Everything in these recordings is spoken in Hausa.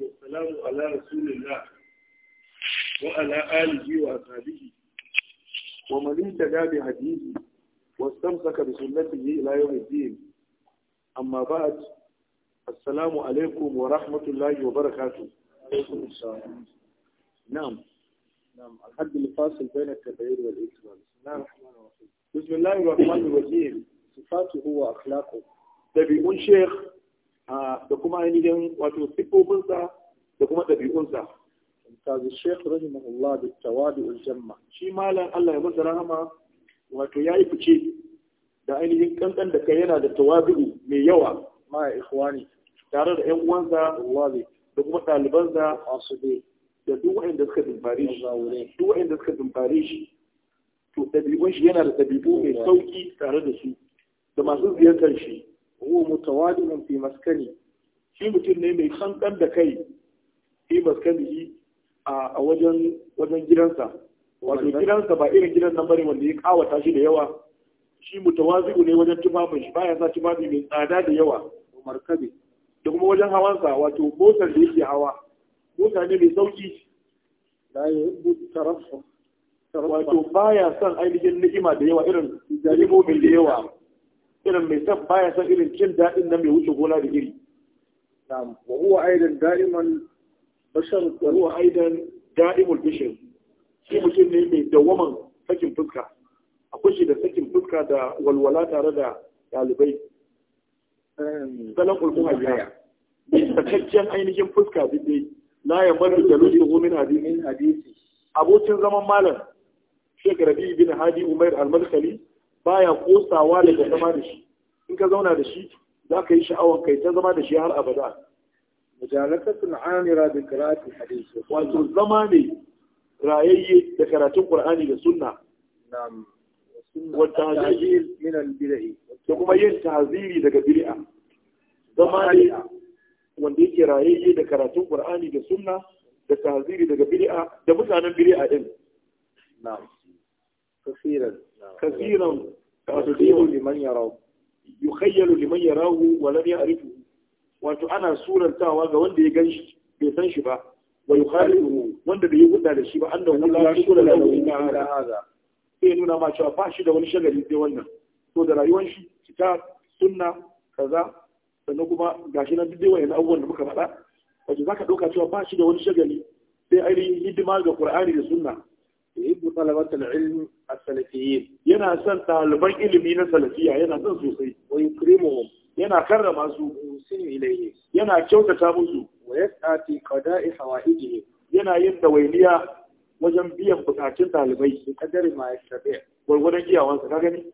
wasalamu ala rasulillah wa ala alihi wa ashabihi wa man ittaba bi hadithi wastamsaka bi sunnatihi ila yawmiddin amma ba'd assalamu alaykum wa rahmatullahi wa barakatuh na'am na'am al-hadd al-fasil bayna at-tabayyur wal ikmal bismillahir rahmanir rahim sifatu huwa akhlaqu tabi'un shaykh da kuma ainihin wato sifofinsa da kuma ɗabi'unsa kazi sheikh rahimahullah da tawadu jamma shi malam Allah ya masa rahama wato ya yi fice da ainihin ƙanƙan da kai yana da tawadu mai yawa ma ikhwani tare da ƴan uwansa wallahi da kuma ɗalibansa asubi da duk waɗanda suka dumfare shi duk waɗanda suka dumfare shi to ɗabi'un shi yana da ɗabi'u mai sauƙi tare da su da masu ziyartar shi huwa mutawadin fi maskani shi mutum ne mai kankan da kai fi maskanihi a wajen wajen gidansa wato gidansa ba irin gidan nan bane wanda ya kawata shi da yawa shi mutawazi'u ne wajen tufafin shi baya sa tufafi mai tsada da yawa markabi da kuma wajen hawansa wato motar da yake hawa mota ne mai sauki la yuhibbu tarafa wato baya son ainihin ni'ima da yawa irin ni'imomin da yawa irin mai san baya san irin cin daɗin nan mai wuce gona da iri wa huwa aidan da'iman bashar wa huwa aidan da'imul bishir shi mutum ne mai dawaman sakin fuska akwai shi da sakin fuska da walwala tare da ɗalibai salan ulkun hajiya sakaccen ainihin fuska dai Na ya bar da rushe gomin hadisi abokin zaman malam biyu bin hadi umar al baya kosawa daga zama da shi in ka zauna da shi za ka yi sha'awan kai ta zama da shi har abada majalakatun amira da karatun hadisi wato zama ne rayayye da karatun qur'ani da sunna na'am wa tahzir min al da kuma yin tahziri daga bid'a zama ne wanda yake rayayye da karatun qur'ani da sunna da tahziri daga bid'a da mutanen bid'a din na'am kasiran kasiran tasdiru liman yarahu yukhayyalu liman yarahu wa lam wato ana surantawa ga wanda ya ganshi bai san shi ba wa yukhalifu wanda bai hudda da shi ba an da la shukura lahu illa hada sai nuna ma cewa ba shi da wani shagali sai wannan to da rayuwar shi cika sunna kaza sannan kuma gashi nan duk dai wayannan abubuwan da muka faɗa wato zaka dauka cewa ba shi da wani shagali sai ainihin hidima ga Qur'ani da sunna yuhibbu talabatul ilm as-salafiyyin yana son ɗaliban ilimi na salafiya yana son sosai wa yukrimuhum yana karrama su sun ilayhi yana kyautata musu wa yas'ati qada'i hawaijihim yana yin dawainiya wajen biyan bukatun ɗalibai da kadari ma ya shafi gwargwadon iyawansa ka gani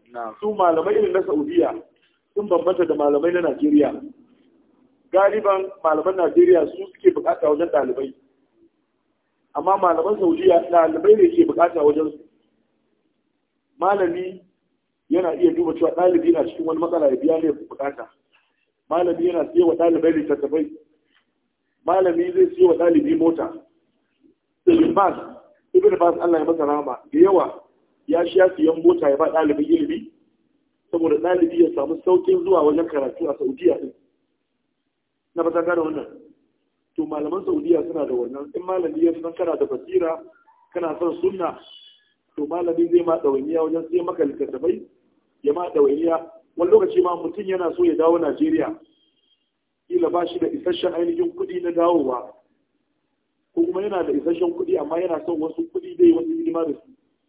su malamai irin na saudiya sun bambanta da malamai na najeriya galiban malaman najeriya su ke bukata wajen ɗalibai amma malaman saudiya ɗalibai ne ke bukata wajen su malami yana iya duba cewa ɗalibi na cikin wani matsala ya biya ne bukata malami yana siya wa ɗalibai littattafai malami zai siya wa ɗalibi mota Ibn Ibn Bas Allah ya masa rama, da yawa ya sha siyan mota ya ba ɗalibin ilimi saboda ɗalibi ya samu saukin zuwa wajen karatu a Saudiya din na ba ta gane wannan to malaman saudiya suna da wannan in malami ya san kana da basira kana son sunna to malami zai ma ɗawainiya wajen sai maka littattafai ya ma ɗawainiya wani lokaci ma mutum yana so ya dawo najeriya kila ba shi da isasshen ainihin kuɗi na dawowa ko kuma yana da isasshen kuɗi amma yana son wasu kuɗi dai wasu hidima da su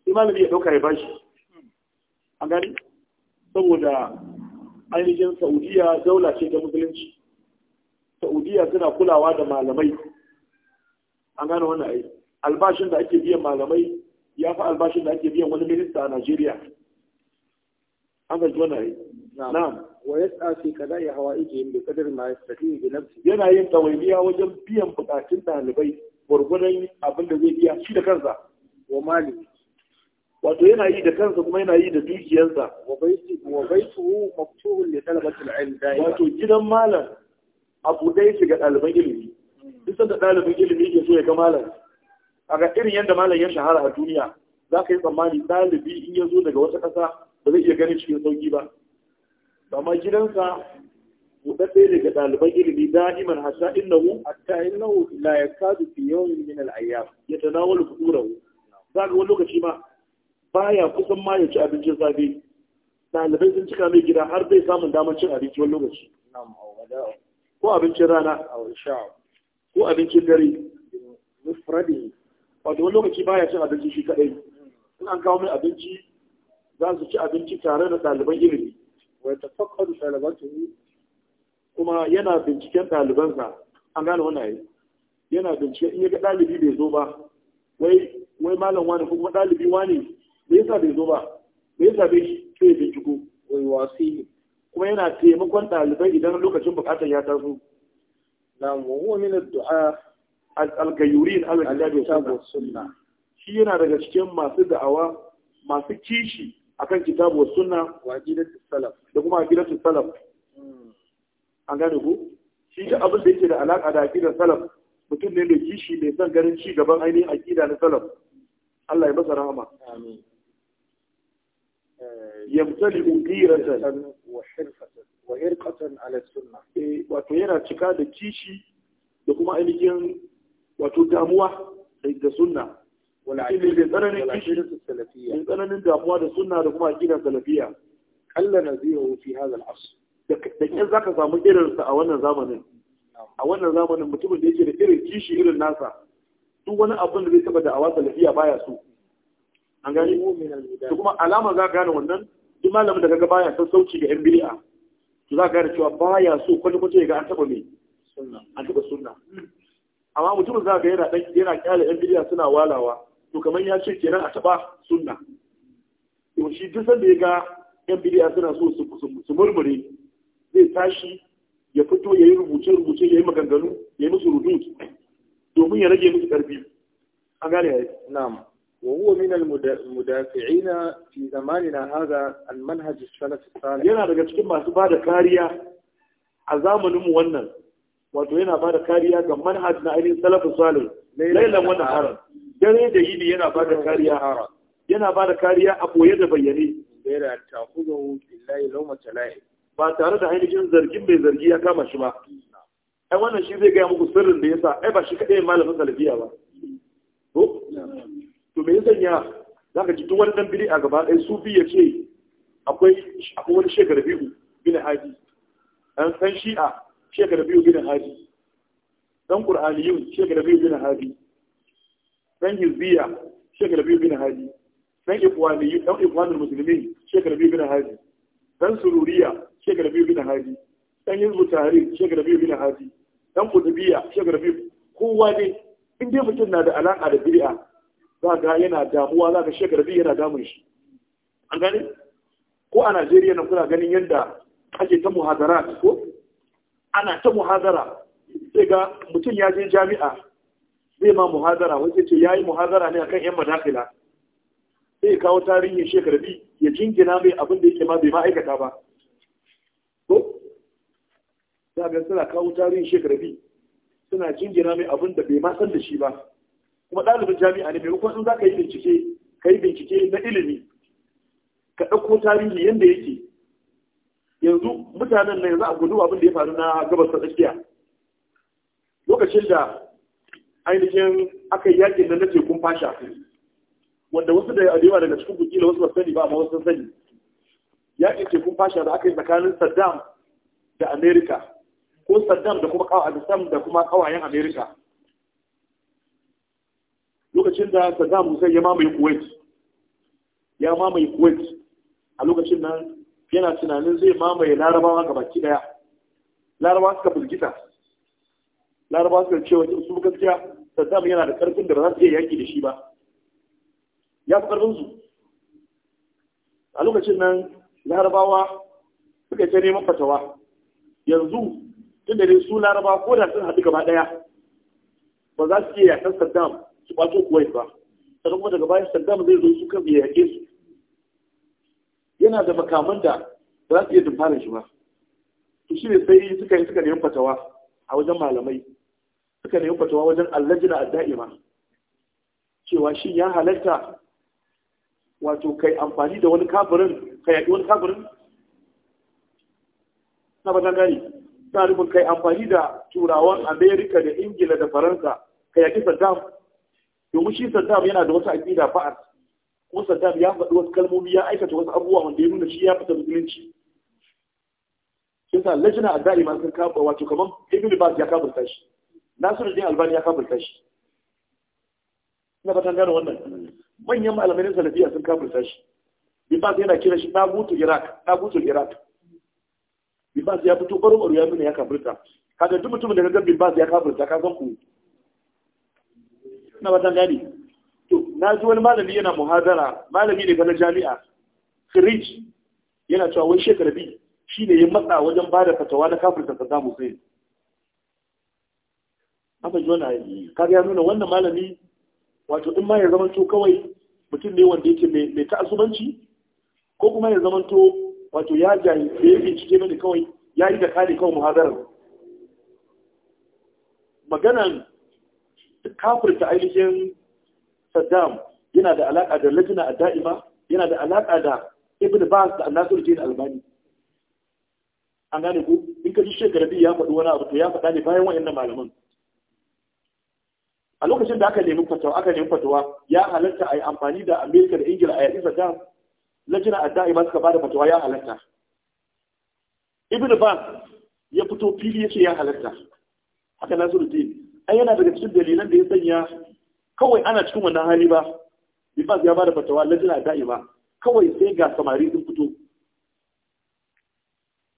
sai malami ya ɗauka ya shi A gani saboda ainihin saudiya daula ce ta musulunci saudiya suna kulawa da malamai an gano wannan ai albashin da ake biyan malamai ya fi albashin da ake biyan wani minista a najeriya an gaji wannan ai na'am wa yas'a fi hawa ije inda kadar ma yastati bi nafsi yana yin tawaiya wajen biyan bukatun dalibai gurgurun abin da zai biya shi da kansa wa mali wato yana yi da kansa kuma yana yi da dukiyarsa wa baitu wa baitu maftuhun li talabati al-ilm wato gidan malam Abu buɗe yake ga ɗaliban ilimi duk sanda ɗalibin ilimi ke so ya ga malam a ga irin yadda malam ya shahara a duniya za ka yi tsammani ɗalibi in ya zo daga wata ƙasa ba zai iya ganin cikin sauƙi ba amma gidansa buɗaɗɗe daga ɗaliban ilimi da'iman hasa innahu hatta innahu la yakadu fi yawmin ya na wani yatanawalu fuqurahu za ga wani lokaci ma baya kusan ma ya ci abincin safe ɗalibai sun cika mai gida har bai samun damar cin abinci wani lokaci ko abincin rana ko abincin dare mufradi wato wani lokaci baya cin abinci shi kadai in an kawo mai abinci za su ci abinci tare da ɗaliban ilimi wai da ɗaliban su kuma yana binciken ɗalibansa an gane wannan yayi yana binciken in ya ga ɗalibi bai zo ba wai wai malam wani ko kuma ɗalibi wani me yasa bai zo ba me yasa bai sai binciko wai wasi kuma yana taimakon ɗalibai idan lokacin bukatar ya taso na huwa du'a al-gayyurin al-kitabi sunna shi yana daga cikin masu da'awa masu kishi akan kitabu sunna wa salaf da kuma aqidatu salaf hmm. an gane ku shi da abin da yake da alaka da aqidar salaf mutum ne mai kishi mai son ganin ci gaban ainihin aqida na salaf Allah ya masa rahama amin يمتلئ غيرة وحرفة على السنة yana cika da kishi da kuma ainihin damuwa da sunna da tsananin kishi damuwa da da kin zaka samu irin sa a wannan zamanin a wannan zamanin mutumin da yake da irin kishi irin nasa duk wani abin da zai taba da awa salafiya baya so an gani kuma alama za ka gane wannan duk malamin da kaga baya sauci ga yan bid'a to za ka da cewa baya so kwani kwace ga an taba me an taba sunna amma mutum za ka yana dan yana kyale yan bid'a suna walawa to kamar ya ce kenan a taba sunna to shi duk sanda ya ga yan bid'a suna so su murmure zai tashi ya fito ya yi rubuce-rubuce ya yi maganganu ya yi musu rudu? domin ya rage musu ƙarfi an gane ya yi na'am وهو من المدافعين في زماننا هذا المنهج السلف الصالح yana daga cikin masu bada kariya a zamanin mu wannan wato yana bada kariya ga manhaj na ainihin salaf salih lailan wannan haram dare da yini yana bada kariya haram. yana bada kariya a boye da bayyane gaira ta'khudahu billahi lawma tala'i ba tare da ainihin zargin bai zargi ya kama shi ba ai wannan shi zai gaya muku sirrin da yasa ai ba shi kadai malamin salafiya ba to me zan ya zaka ji duk wani dan a gaba ɗaya sufi ya ce akwai akwai wani shekara biyu bin haji an san shi'a shekara biyu bin haji dan qur'aniyun shekara biyu bin haji dan hizbiya shekara biyu bin haji dan ikhwaniyun dan ikwanin musulmi shekara biyu bin haji dan sururiya shekara biyu bin haji dan hizbu tare shekara biyu bin haji dan kutubiya shekara biyu kowa dai in dai mutum na da alaka da bid'a za ga yana damuwa za shekar biyu yana damun shi an gani ko a najeriya nan kuna ganin yadda ake ta muhazara, ko ana ta muhazara. sai ga mutum ya je jami'a zai ma muhazara, wace ce ya yi muhazara ne akan yan madakila sai kawo tarihin biyu ya jingina mai abin da yake ma bai ma'aikata ba ko za ga suna kawo tarihin biyu suna jingina mai abin da bai ma san da shi ba kuma ɗalibin jami'a ne mai in za ka yi bincike ka yi bincike na ilimi ka ɗauko tarihi yadda yake yanzu mutanen na yanzu a gudu abin da ya faru na gabas ta tsakiya lokacin da ainihin aka yi yakin nan na tekun fasha wanda wasu da yawa daga cikin kukila wasu ba sani ba amma wasu sani yakin tekun fasha da aka yi tsakanin saddam da amerika ko saddam da kuma kawayen amerika lokacin da Saddam Hussein ya mamaye Kuwait ya mamaye Kuwait a lokacin nan yana tunanin zai mamaye Larabawa ga baki daya Larabawa suka bulgita Larabawa suka ce wajen su gaskiya Saddam yana da karfin da ba za su iya yaki da shi ba ya fi karfin su a lokacin nan Larabawa suka ce neman fatawa yanzu tunda dai su Larabawa ko da sun haɗu gaba daya ba za su iya yakan Saddam ba kwato kuwait ba sannan kuma daga bayan saddam zai zo su kan ya su yana da makaman da ba za su iya dumfara shi ba to shi ne sai suka yi suka neman fatawa a wajen malamai suka neman fatawa wajen allajina a adda'ima cewa shi ya halatta wato kai amfani da wani kafirin ka yaƙi wani kafirin na batan gani na rubin kai amfani da turawan amerika da ingila da faransa ka yaƙi saddam domin shi saddam yana da wata aƙida fa'ar ko saddam ya faɗi wasu kalmomi ya aikata wasu abubuwa wanda ya nuna shi ya fita musulunci Kisa lajina a ma sun kafa wato kamar ibn bas ya kafirta shi nasiruddin albani ya kafa shi ina fatan gano wannan manyan na salafiya sun kafirta shi bibas yana kira shi na butu iraq na butu iraq bibas ya fito baro ya nuna ya kafirta kaga duk mutumin da ka ga bas ya kafirta ka san ku ina ba tan gani to na ji wani malami yana muhadara malami ne na jami'a Firiji yana cewa wani shekara bi shi ne ya matsa wajen ba da fatawa na kafin ta samu sai haka ji wani kaga ya nuna wannan malami wato in ma ya zamanto kawai mutum ne wanda yake mai ta'asubanci ko kuma ya zamanto wato ya da ya bincike mani kawai ya yi da kare kawai muhadarar maganan kafirta ainihin saddam yana da alaƙa da lajina a da'ima yana da alaƙa da ibn bas da annasir jin albani an gane ku in ka ji shekara biyu ya faɗi wani abu to ya faɗa ne bayan wa'annan malaman a lokacin da aka nemi fatawa aka nemi fatawa ya halatta a yi amfani da amerika da ingila a yaƙi saddam lajina a da'ima suka bada fatawa ya halatta ibn bas ya fito fili ya ce ya halatta haka Nasiru din ai yana daga cikin dalilan da ya sanya kawai ana cikin wannan hali ba bifas ya bada fatawa lajina da'ima kawai sai ga samari sun fito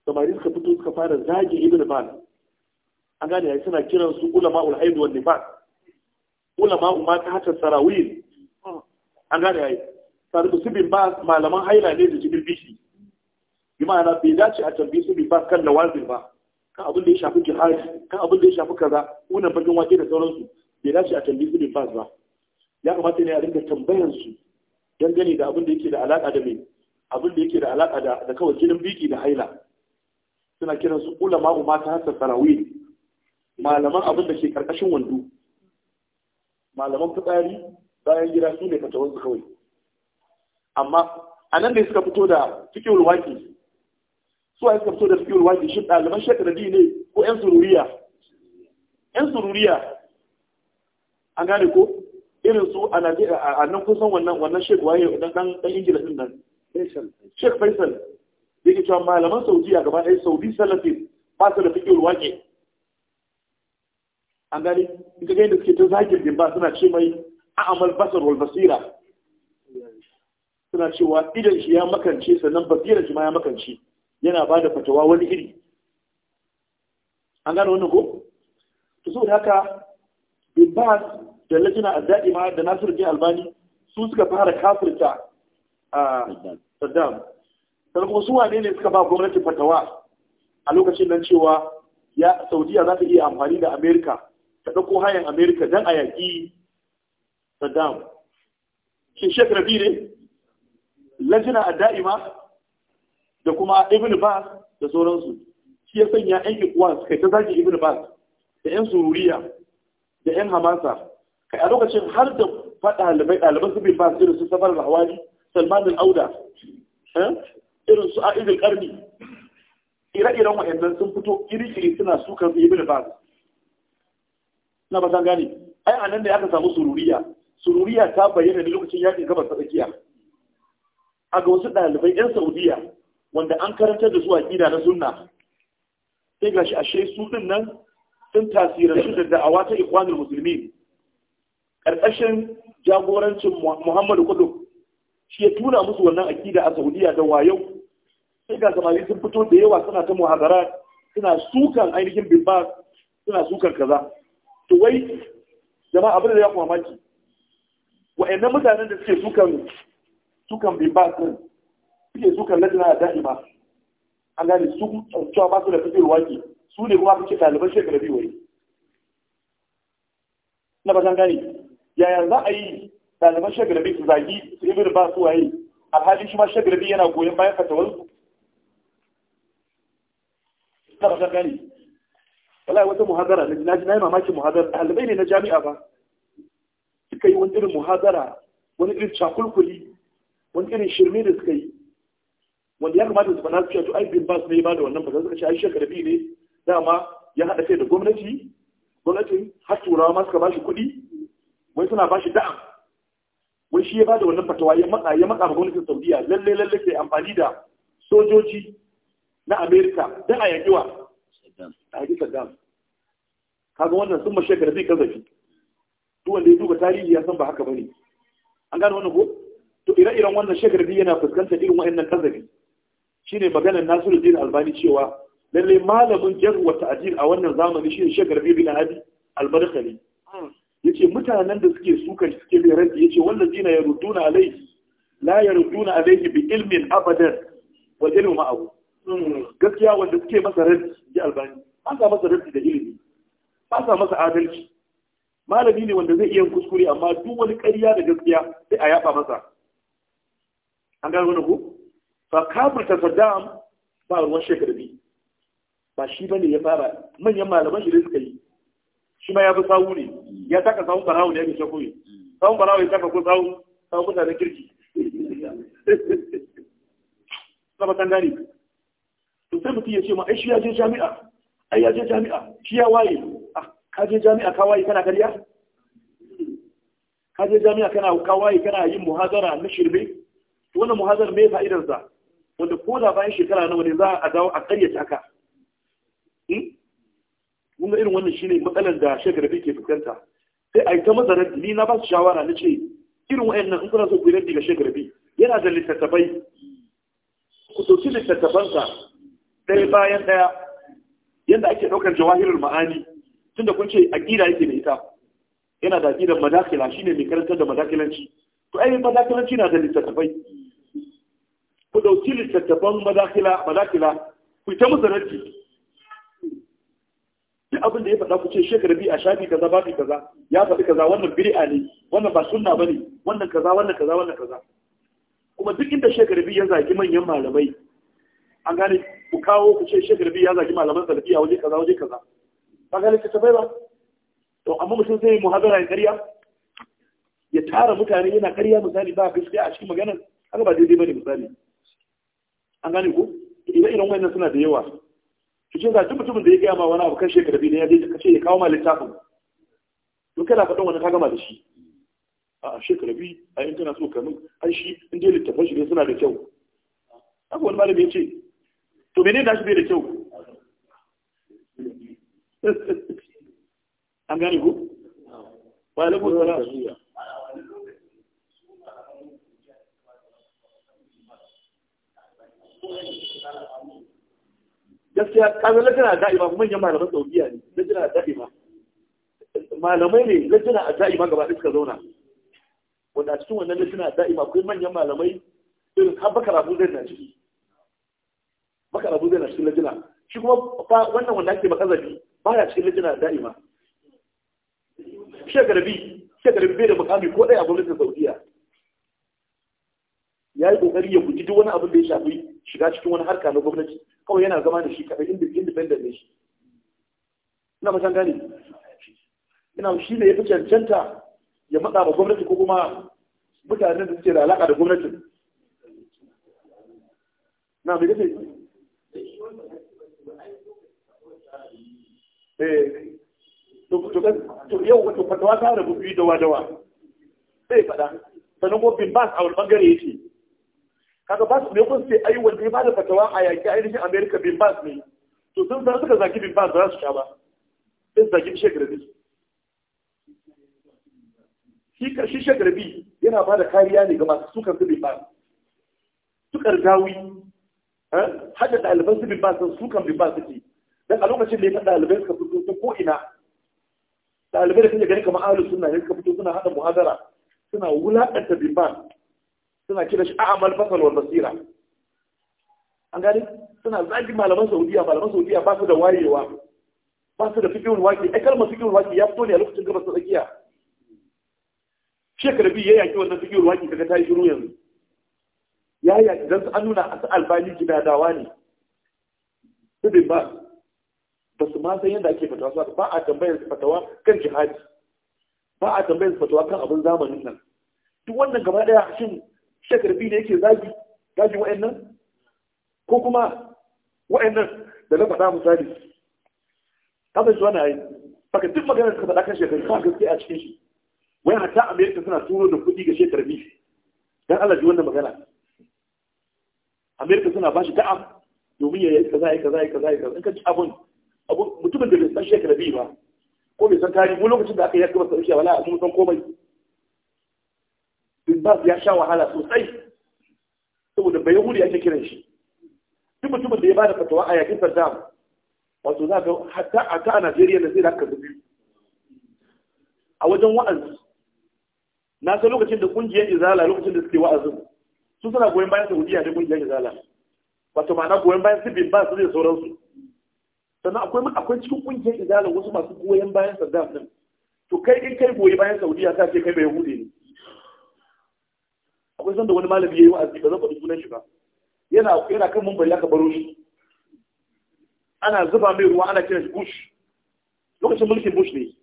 samari suka fito suka fara zage ibn baz an gane ya suna kiran su ulama ul haid wal nifas ulama ma ta hatta sarawil an gane ya sai su bin ba malaman haila ne da jibil bishi bi ma'ana bai dace a tambayi su bin baz kan lawazin ba kan abin da ya shafi jihar, kan abin da ya shafi kaza wannan bakin wake da sauransu bai dace a tambayi su ne ba ya kamata ne a dinga tambayan su dangane da abin da yake da alaka da mai abin da yake da alaka da da kawai jinin biki da haila suna kiran su ulama umma ta hasa sarawil malaman abin da ke karkashin wando malaman fitsari bayan gida su ne kawai amma a nan ne suka fito da cikin waki su waye suka fito da fiqhul wahid shi ɗaliban biyu ne ko yan sururiya yan sururiya an gane ko irin su a a nan kusan wannan wannan shekwa waye dan dan dan Ingila din nan shek Faisal yake cewa malaman Saudiya gaba ɗaya Saudi salafi ba su da fiqhul wake. an gane in ka ga yadda suke ta zagin din ba suna ce mai a'amal basar wal basira suna cewa idan shi ya makance sannan basira shi ma ya makance yana ba da fatawa wani iri an gano wani ko to so haka bin ba da lajina ma da nasiruddin albani su suka fara kafirta a saddam sannan su wane ne suka ba gwamnati fatawa a lokacin nan cewa ya saudiya za ta iya amfani da amerika ta ɗauko hayan amerika don a yaƙi saddam shin shekara rabi ne lajina da'ima. da kuma ibn bas da sauransu shi ya sanya yan ikuwa kai ta zagi ibn bas da yan sururiya da yan hamasa kai a lokacin har da faɗa ɗalibai ɗaliban su bin bas irin su safar rahwani salman al'auda eh, irin su a al Karni. ire-iren wa'annan sun fito iri-iri suna sukan su ibn bas na ba san gane ai anan ya aka samu sururiya sururiya ta bayyana ne lokacin yakin gabas ta tsakiya a ga wasu ɗalibai 'yan saudiya wanda an karantar da zuwa aƙida na sunna sai ga a ashe su din nan sun tasirantu da da'awa ta ikwanin musulmi ƙarƙashin jagorancin muhammadu kudu shi ya tuna musu wannan akida a saudiya da wayo sai ga samari sun fito da yawa suna ta muhazara suna sukan ainihin bimba suna sukan kaza to wai jama'a abin da ya kuma maki wa'annan mutanen da suke sukan sukan bimba suke sukan lajina da da'ima an gane su cewa ba su da fitar waki su ne kuma ce ɗaliban shekara biyu wai na bakan gane yaya za a yi ɗaliban shekara biyu su zagi su ibir ba su waye alhali shi ma shekara biyu yana goyon bayan Su na bakan gane wallahi wata muhazara. na jinaji na yi mamakin muhadara ɗalibai ne na jami'a ba suka yi wani irin muhazara wani irin cakulkuli wani irin shirme da suka yi wanda ya kamata su faɗa su cewa to ai bin bas ne ba da wannan fasara suka ce ai shekara bi ne dama ya haɗa kai da gwamnati gwamnati har turawa ma suka bashi kuɗi wai suna bashi da'am wai shi ya bada wannan fatawa ya matsa ya matsa ga gwamnatin saudiya lalle lalle sai amfani da sojoji na amerika da a yaƙi wa a yaƙi saddam kaga wannan sun biyu zai zafi. duk wanda ya duba tarihi ya san ba haka bane an gane wannan ko to ire-iren wannan shekar biyu yana fuskantar irin wa'annan kazafi shine maganar Nasiruddin Albani cewa lalle malamin jar wa ta'dil a wannan zamani shine Sheikh Rabi bin Hadi Al-Barkali yace mutanen da suke suka suke bai raddi yace wannan dina ya ruduna alai la ya ruduna alai bi ilmin abadan wa ilmu abu. gaskiya wanda suke masa raddi ji Albani an ga masa raddi da ilimi ba sa masa adalci malami ne wanda zai iya kuskure amma duk wani ƙarya da gaskiya sai a yaba masa an gano ko? ba kafirta saddam ba ruwan shekarbi ba shi bane ya fara manyan malaman shi da suka yi shi ma ya fi sawu ne ya taka sawu barawo ne ya fi shakuri sawun barawo ya taka ko sawu sawun da kirki saba kan gani to sai mutum ya ce ma ai shi ya je jami'a ai ya je jami'a shi ya waye ah, ka je jami'a ka waye kana kariya ka je jami'a kana ka waye kana yin muhazara na shirme to wannan muhazar me fa'idarsa wanda ko da bayan shekara nawa ne za a dawo a karya taka? Hmm? mun ga irin wannan shine matsalar da shekara ke fuskanta sai a yi ta masarar ni na ba su shawara na ce irin wayannan in kuna so ku yi ga shekara bi yana da littattafai ku ɗauki littattafansa ɗaya bayan ɗaya yadda ake ɗaukar jawahirar ma'ani tun da kun ce aƙida yake da ita yana da aƙidar madakila shine mai karantar da madakilanci to ai madakilanci na da littattafai ku dauki littattafan madakila mazakila ku ta musu raddi duk abin da ya faɗa ku ce shekar bi a shafi kaza babi kaza ya faɗi kaza wannan biri'a ne wannan ba sunna ba ne. wannan kaza wannan kaza wannan kaza kuma duk inda shekar bi ya zagi manyan malamai an gane ku kawo ku ce shekar bi ya zagi malaman salafiya waje kaza waje kaza ba ga tafai ba to amma mutum zai yi muhadara ya karya ya tara mutane yana karya misali ba gaskiya a cikin maganar haka ba daidai ba ne misali an gane ko ire irin wannan suna da yawa kike ga duk mutumin da ya gaya ma wani abu kan shekara biyu ne ya je kace ya kawo ma littafin to kana faɗin wani ka gama da shi a shekara biyu a yin kana so kanu an shi in dai littafin shi ne suna da kyau haka wani malami ya ce to menene da shi bai da kyau an gane ko wa alaikum salam gaskiya kaga lajina da'ima manyan malaman saudiya ne lajina da'ima malamai ne lajina a da'ima gaba ɗaya suka zauna wanda cikin wannan lajina da'ima akwai manyan malamai irin har bakar abu zai na ciki bakar abu zai na cikin lajina shi kuma wannan wanda ake makazabi ya cikin lajina da'ima Shi shekarabi shekarabi bai da mukami ko ɗaya a gwamnatin saudiya ya yi ƙoƙari ya guji duk wani abin da ya shafi shiga cikin wani harka na gwamnati kawai yana zama da shi kaɗai independent ne shi ina fatan gane ina shi ne ya fi cancanta ya matsa ba gwamnati ko kuma mutanen da suke da alaƙa da gwamnati na mai gafe eh, to yau wato fatawa ta rabu biyu dawa dawa sai faɗa sannan ko bin bas a wani ɓangare yake kaga ba su ne kun sai ai wanda ya bada fatawa a yaki ainihin America bin Bas ne to sun san suka zaki bin Bas za su sha ba sai zaki garbi shi karshe garbi yana bada kariya ne ga masu sukan su bin Bas sukar dawi hada ɗaliban su bin Bas sun sukan bin Bas suke dan a lokacin da ya faɗa ɗalibai suka fito ta ko ina ɗalibai da kake gani kamar ahlus sunna ne suka fito suna hada muhadara suna wulakanta bin Bas suna kira shi a'amal fasal wal basira an gani suna zagin malaman saudiya malaman saudiya ba su da wayewa ba su da fikin waki ai kalmar fikin waki ya fito ne a lokacin gabas ta tsakiya shekara biyu ya yaki wannan fikihun waki daga ta yi shiru yanzu ya yaki dan an nuna a albani dawa ne tudin ba ba su ma san yadda ake fatawa ba a tambayar fatawa kan jihadi ba a tambayar fatawa kan abin zamanin nan duk wannan gaba daya shin shakarfi ne yake zagi zagi wa'annan ko kuma wa'annan da na faɗa misali kada zuwa na yi baka duk da ka faɗa kan shekarfi ka gaske a cikin shi wai hatta amerika suna turo da kuɗi ga shekarfi dan Allah ji wannan magana amerika suna bashi shi da'am domin ya yi kaza ya kaza ya kaza ya kaza in ka ci abun mutumin da bai san shekarfi ba ko bai san tarihi ko lokacin da aka yi ya sa ushe wala a mun san komai bas ya sha wahala sosai saboda bai huri ake kiran shi duk mutumin da ya bada fatawa a yakin Saddam wato za ka hatta a ta Najeriya da zai da haka biyu a wajen wa'azi na san lokacin da kungiyar Izala lokacin da suke wa'azi Sun suna goyon bayan Saudiya da kungiyar Izala wato ma'ana goyon bayan bin ba su zai sauransu sannan akwai akwai cikin kungiyar Izala wasu masu goyon bayan Saddam din to kai in kai goyi bayan Saudiya ta ce kai bai hude ne akwai sanda wani malami ya yi wa'azi ba zan faɗi sunan shi ba yana yana kan mun aka baro shi ana zuba mai ruwa ana kiran shi bush lokacin mulkin bush ne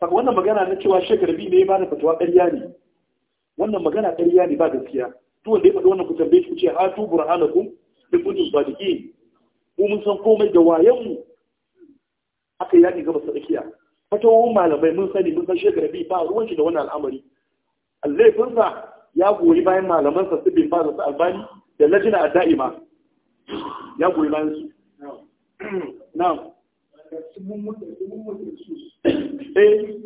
saka wannan magana na cewa shekaru biyu ne ba bada fatawa ƙarya ne wannan magana ƙarya ne ba gaskiya to wanda ya faɗi wannan ku bai kuce ha tu hatu burhanakum bi kuntum sadiqin mu mun san komai da wayan mu aka yaƙi gaba sadakiya fatawoyin malamai mun sani mun san shekara biyu ba ruwan shi da wannan al'amari laifinsa ya goyi bayan malamansa su bin su albani da lajina a da'ima ya goyi bayan su na'am su mummurri eh.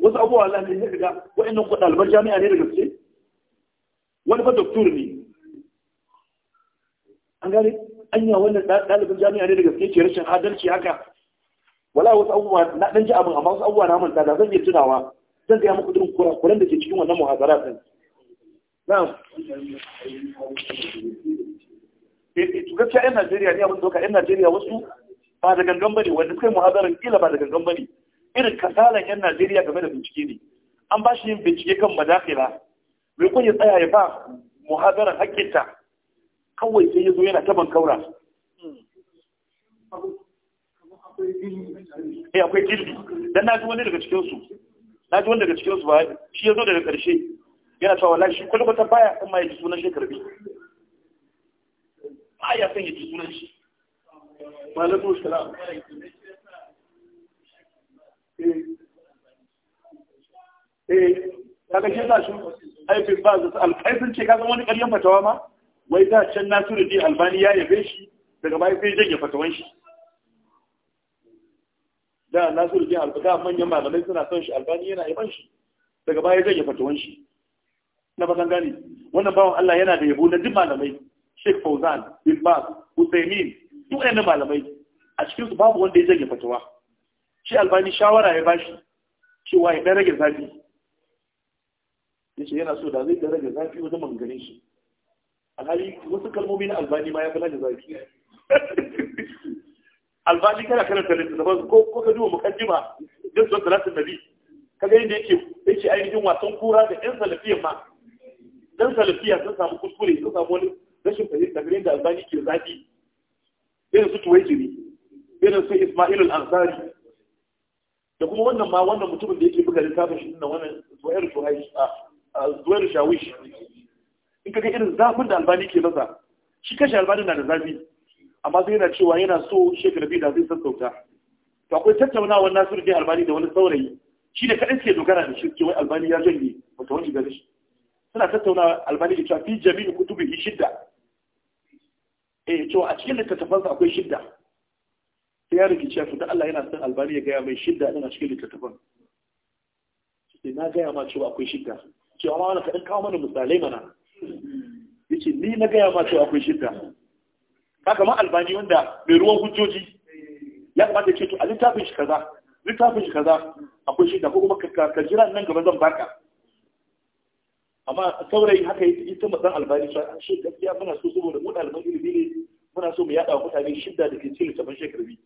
wasu abubuwa Allah ne ya riga wa'annan kuɗa albar jami'a ne da gaske wani fa doktor ne an gane anya wannan ɗalibin jami'a ne da gaske ce rashin adalci haka wala wasu abubuwa na ɗan ji abin amma wasu abubuwa na manta da zan iya tunawa zan gaya muku irin kurakuran da ke cikin wannan muhazara din na'am eh, eh to gaskiya yan Najeriya ne abin doka yan Najeriya wasu ba da gangan bane wanda kai muhazarar kila ba da gangan bane irin kasalan yan Najeriya game da bincike ne an ba shi yin bincike kan madakila bai kun ya tsaya ya ba muhazarar hakkinta kawai sai ya zo yana taban kaura eh akwai gilbi dan na ji wani daga cikin su na ji wanda daga cikin su ba shi ya zo daga ƙarshe yana cewa wallahi shi ta baya kuma ya ji sunan shi karbi ba ya san ya ji sunan shi malamu salam eh. eh kaga shi sa shi aifin ba su alƙaifin ce kasan wani ƙaryan fatawa ma wai da can nasiru di albani ya yabe shi daga baya sai janye fatawan shi da nasiru jin albada manyan malamai suna son shi albani yana yaban shi daga baya zai yafa tuwon shi na fatan gani wannan bawan Allah yana da yabo na duk malamai Sheikh Fauzan bin Baz Hussein duk wayannan malamai a cikin su babu wanda ya zai ya fatawa shi albani shawara ya bashi cewa ya dan rage zafi yace yana so da zai dan rage zafi wajen maganganun shi alhali wasu kalmomi na albani ma ya fi rage zafi albani kana karanta littattafan ko ko ka duba mukaddima din da salatin nabi kaga inda yake yake ainihin wasan kura da yan salafiya ma ɗan salafiya sun samu kuskure sun samu wani rashin fahimta gare da albani ke zafi irin su tuwaijiri irin su ismail al da kuma wannan ma wannan mutumin da yake buga littafin shi na wannan zuwairu shuhaish zuwairu shawish in kaga irin zafin da albani ke masa shi kashe albani na da zafi amma sai yana cewa yana so shekara biyu da zai sassauta to akwai tattaunawa nasiru dai albani da wani saurayi shi da kaɗan ke dogara da shi ke wai albani ya janye wata wani gari shi suna tattauna albani da cewa fi jami'in kutubi shidda eh cewa a cikin littattafansa akwai shidda sai ya rikice su da Allah yana son albani ya gaya mai shidda din a cikin littattafan sai na gaya ma cewa akwai shidda cewa ma wani kaɗan kawo mana misalai mana yace ni na gaya ma cewa akwai shidda ka albani wanda mai ruwan hujjoji ya kamata ce to a littafin shi kaza littafin shi kaza akwai shi da ko kuma ka jira nan gaba zan baka amma saurayi haka yi ta matsan albani shi an shi gaskiya muna so saboda mu ɗaliban ilimi ne muna so mu yaɗa wa mutane shidda da ke cikin littafin shekarbi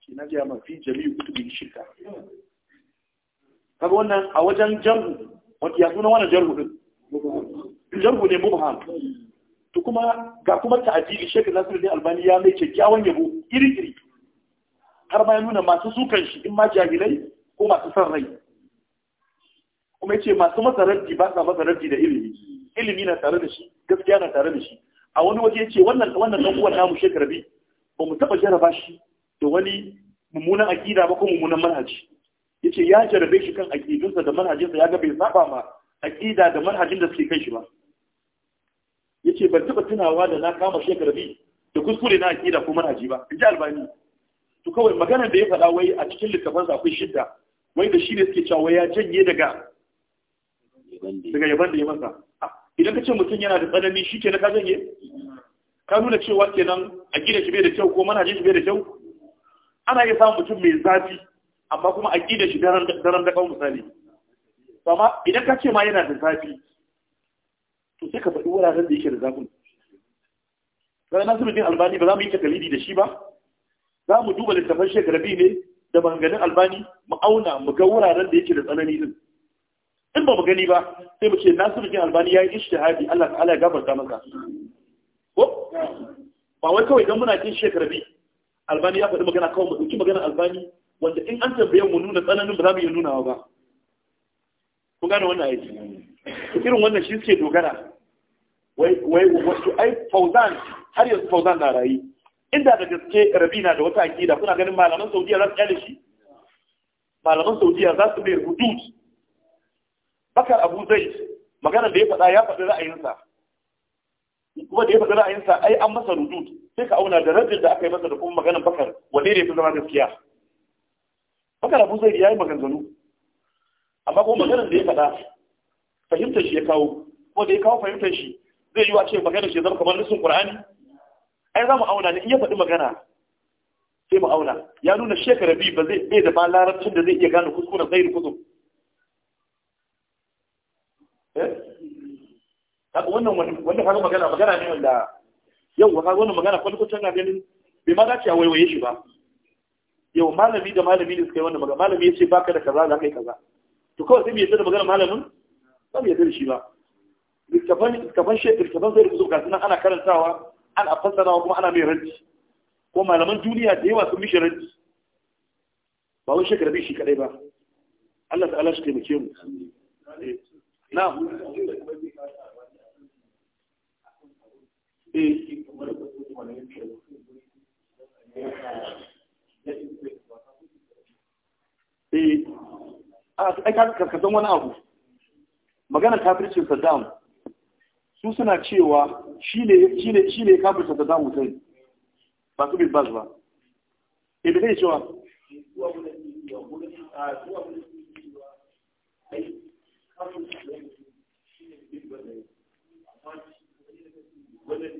shi na jiya ma fi jami'u kutubin shirka kaga wannan a wajen jarhu wani ya suna wani jarhu din jarhu ne mubham to kuma ga kuma ta'adili Sheikh Nasiruddin Albani ya mai kyakkyawan yabo iri-iri har ma ya nuna masu sukan shi in ma jahilai ko masu san rai kuma yace masu masa raddi ba sa raddi da ilimi ilimi na tare da shi gaskiya na tare da shi a wani waje yace wannan wannan dan uwan namu Sheikh Rabi ba mu taba jaraba shi da wani mummunan akida ba ko mummunan manhaji yace ya jarabe shi kan akidunsa da manhajinsa ya ga bai saba ma akida da manhajin da suke kai shi ba yace ban taba tunawa da na kama bi da kuskure na akida ko manhaji ba in ji albani to kawai maganar da ya faɗa wai a cikin sa akwai shidda wai da shi ne suke cewa ya janye daga daga yaban da ya masa ah, idan ka ce mutum yana da tsanani shi ke na ka janye ka nuna cewa kenan a gida shi bai da kyau ko manhajin shi bai da kyau ana iya samun mutum mai zafi amma kuma a gida shi daren da misali amma idan ka ce ma yana da zafi to sai ka faɗi wuraren da yake da zafin sai nasiruddin albani ba za mu yi takalidi da shi ba za mu duba littafin shekarabi ne da maganganun albani mu auna mu ga wuraren da yake da tsanani din in ba mu gani ba sai mu ce nasiruddin albani ya yi ishtihadi Allah ta'ala ya gafarta maka ko ba wai kawai dan muna kin shekarabi albani ya faɗi magana kawai mu dauki maganar albani wanda in an tambaye mu nuna tsananin ba za mu iya nunawa ba kun gane wannan aiki irin wannan shi suke dogara wai wasu ai fauzan har yanzu fauzan na rayu inda da gaske rabina da wata akida kuna ganin malaman saudiya za su kyale shi malaman saudiya za su bayar hudud bakar abu zai magana da ya faɗa ya faɗi ra'ayinsa kuma da ya faɗi ra'ayinsa ai an masa hudud sai ka auna da rabin da aka yi masa da kuma maganar bakar wanne ne fi zama gaskiya bakar abu zai ya yi maganganu amma kuma maganan da ya faɗa fahimtar shi ya kawo kuma da ya kawo fahimtar shi zai yi wa ce magana shi zama kamar nisun qur'ani ai za mu auna ne in ya faɗi magana sai mu auna ya nuna shekara biyu ba zai bai da ba larabcin da zai iya gano kuskuren zai rukutu eh? wannan wanda kaga magana magana ne wanda yau kaga wannan magana kwalikwacin na ganin bai ma dace a waiwaye shi ba yau malami da malami ne suka yi wannan magana malami ya ce baka da kaza za ka yi kaza to kawai sai bai yadda da magana malamin ba bai yadda da shi ba littafan shekar littafan zai rubuta gasu nan ana karantawa ana fassarawa kuma ana mai ranci ko malaman duniya da yawa sun mishi ranci ba wani shekara bai shi kadai ba Allah ta'ala shi taimake mu na eh, eh. Ah, a ka san wani abu maganar kafircin Saddam su suna cewa shi ne kafirta da zamu sai ba su bilbaz ba ba ibi zai cewa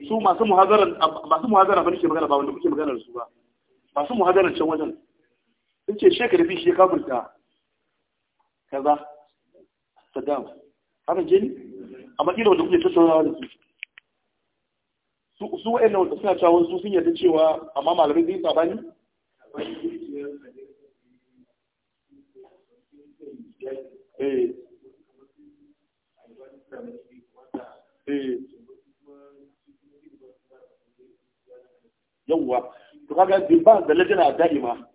su masu muhazaran masu muhazara bane ke magana ba wanda kuke magana su ba masu muhazaran can wajen sun ce shekaru fi shi ya kafirta kaza saddam haka je ni a kila wanda kuke tattaunawa da su su wa'annan wanda suna cewa su sun yarda cewa amma malamai zai sabani eh eh yawwa to kaga dibba da lajina a da'ima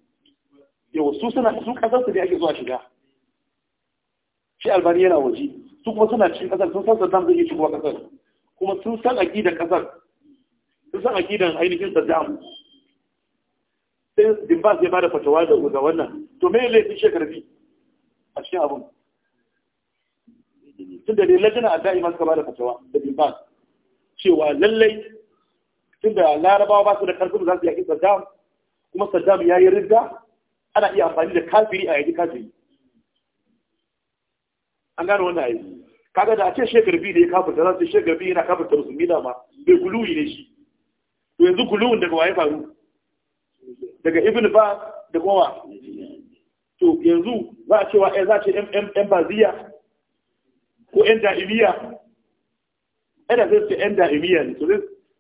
yawa su suna su kasar su ne ake zuwa shiga shi albani yana waje su kuma suna cikin kasar sun san saddam zai iya shigowa kasar kuma sun san aƙidar kasar sun san aƙidar ainihin saddam sai dimbas ya bada fatawa da ga wannan to me laifin karfi a cikin abun tun da dai lajina a da'ima suka bada fatawa da dimbas cewa lallai tun da larabawa ba su da karfin za su yaƙi saddam kuma saddam ya yi ridda ana iya amfani da kafiri a yaƙi kafiri an gane wannan ayi kaga da a ce shekarbi da ya kafirta za su shekarbi yana kafirta musulmi da ma bai guluwi ne shi to yanzu guluwin daga waye faru daga ibn ba da kowa. to yanzu za a cewa eh, za a ce yan baziya ko yan da'imiyya yana zai ce yan da'imiyya ne to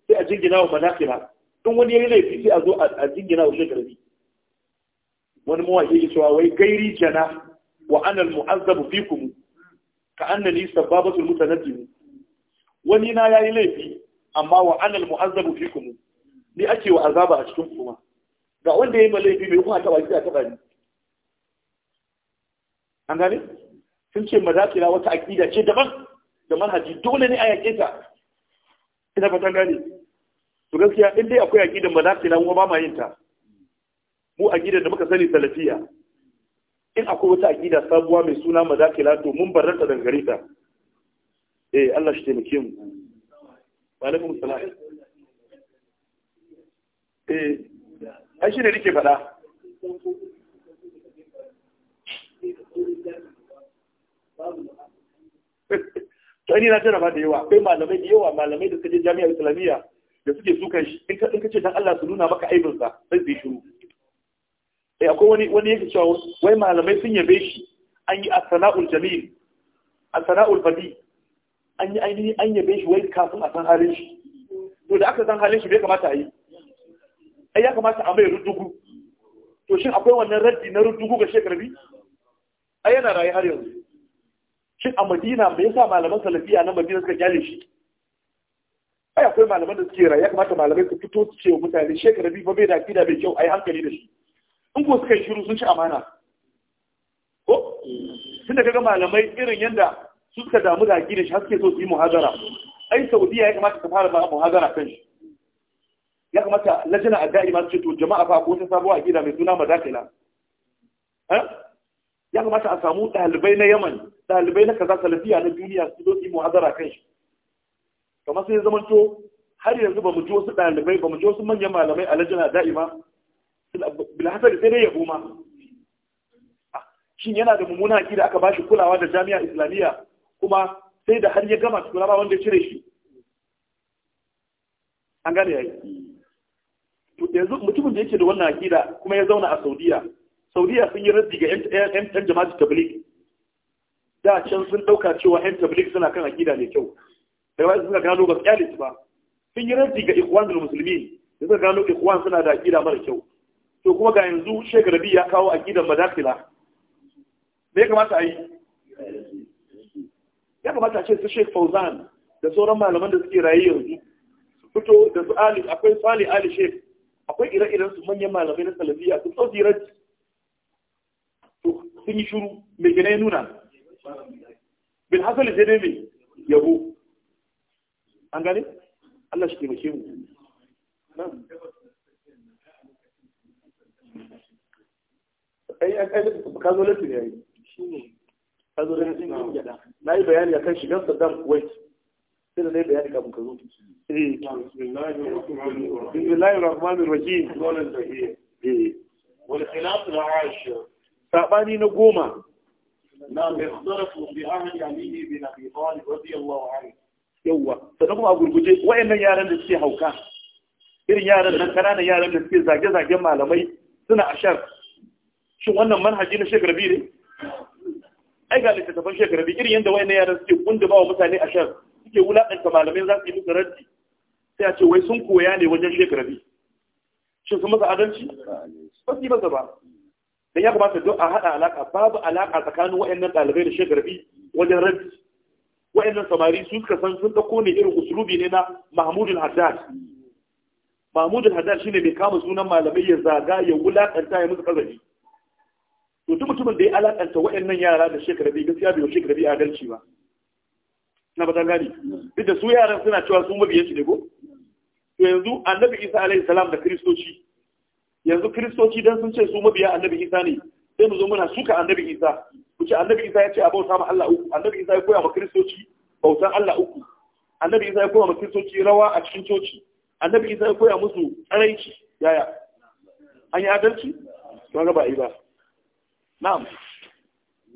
sai a jingina wa manakira in wani ya yi laifi sai a zo a jingina wa shekarbi wani mawaƙi ya cewa wai gairi jana wa anal mu'azzabu kuma. ka annani sababatul mutanabbi wani na yayi laifi amma wa anal mu'azzabu fikum ni ake wa azaba a cikin kuma ga wanda yayi laifi mai kuma ta shi a taba ni an gane sun ce madakira wata aqida ce daban da manhaji dole ne a yake ta ina fatan gane to gaskiya in dai akwai aqidan madakira kuma ba ma yin ta mu aqidan da muka sani salafiya in akwai wata aƙida sabuwa mai suna mazakila to mun barranta daga gare ta eh Allah shi taimake mu wa alaikum salam eh ai shi ne nake faɗa to ni na jarraba da yawa akwai malamai da yawa malamai da suke jami'ar islamiyya da suke sukan shi in ka ce dan Allah su nuna maka aibinsa sai su yi shiru eh akwai wani wani yake cewa wai malamai sun yabe shi an yi as-sana'ul jamil as-sana'ul badi an yi ainihin an yabe shi wai kafin a san halin shi to da aka san halin shi bai kamata a yi ai ya kamata a mai rudugu to shin akwai wannan raddi na rudugu ga shekarbi ai yana rayu har yanzu shin a madina me yasa malaman salafiya na madina suka kyale shi ai akwai malaman da suke rayu ya kamata malamai su fito su ce wa mutane shekarbi ba bai da akida bai kyau ai hankali da shi in ko suka yi shiru sun ci amana ko tunda kaga malamai irin yadda su suka damu da aƙida shi haske so su yi muhazara ai saudiya ya kamata ta fara ba muhazara kan shi ya kamata lajina a da'i su ce to jama'a fa ko ta sabuwa gida mai suna madakila eh? ya kamata a samu ɗalibai na yaman ɗalibai na kaza salafiya na duniya su zo su yi muhazara kan shi kamar sai zama to har yanzu ba mu ji wasu ɗalibai ba mu ji wasu manyan malamai a lajina da'ima bilhassar sai dai ya ma ah, shin yana da mummuna akida aka bashi kulawa da jami'a islamiyya kuma sai da har ya gama tukuna wanda ya cire shi an gane ya yi. yanzu mutumin da yake da wannan akida kuma ya zauna a Saudiya Saudiya sun yi raddi ga yan jama'a da tabligh da can sun dauka cewa yan tabligh suna kan akida mai kyau daga wai suna gano ba su ba sun yi raddi ga musulmi da suka gano ikuwan suna da akida mara kyau to kuma ga yanzu shek rabi ya kawo aqidan madakila da ya kamata a yi ya kamata ce su shek fauzan da sauran malaman da suke raye yanzu su fito da su ali akwai sali ali shek akwai ire-iren su manyan malamai na salafiya su tsotsi raji to sun yi shuru mai gina ya nuna bin hasali zai nemi yabo an gane Allah shi taimake mu Ai, ka zo lafi ne ka zo lafi ne na yi bayani akan shigar saddam kuwait sai da na yi bayani kafin ka zo eh. bismillahir rahmanir rahim wal eh. khilaf al ashir sabani na goma na bi ikhtarafu bi ahli ali bin abi talib radiyallahu anhu yawa sannan kuma a gurguje wayannan yaran da suke hauka irin yaran nan kananan yaran da suke zage-zagen malamai suna ashar shin wannan manhaji na biyu ne ai ga littattafan biyu irin yadda wani yaran suke kunda wa mutane a shan suke wulaɗanta malamai za su yi musu raddi sai a ce wai sun koya ne wajen biyu? shin sun masa adalci ba su yi masa ba dan ya kamata don a haɗa alaƙa babu alaƙa tsakanin wa'annan ɗalibai da biyu wajen raddi Wa'annan samari su suka san sun ɗauko ne irin usulubi ne na mahmudul haddad mahmudul haddad shine mai kama sunan malamai ya zaga ya wulaƙanta ya musu kazafi to duk mutumin da ya alakanta waɗannan yara da shekara biyu gaskiya bai shekara biyu adalci ba na ba ta gani duk da su yaran suna cewa sun mabiyan shi ne ko to yanzu annabi isa alaihi salam da kristoci yanzu kristoci dan sun ce su mabiya annabi isa ne sai mu zo muna suka annabi isa ku ce annabi isa ya ce a bauta ma Allah uku annabi isa ya koya ma kristoci bautan Allah uku annabi isa ya koya ma kristoci rawa a cikin coci annabi isa ya koya musu tsaraici yaya an yi adalci don ga ba yi ba نعم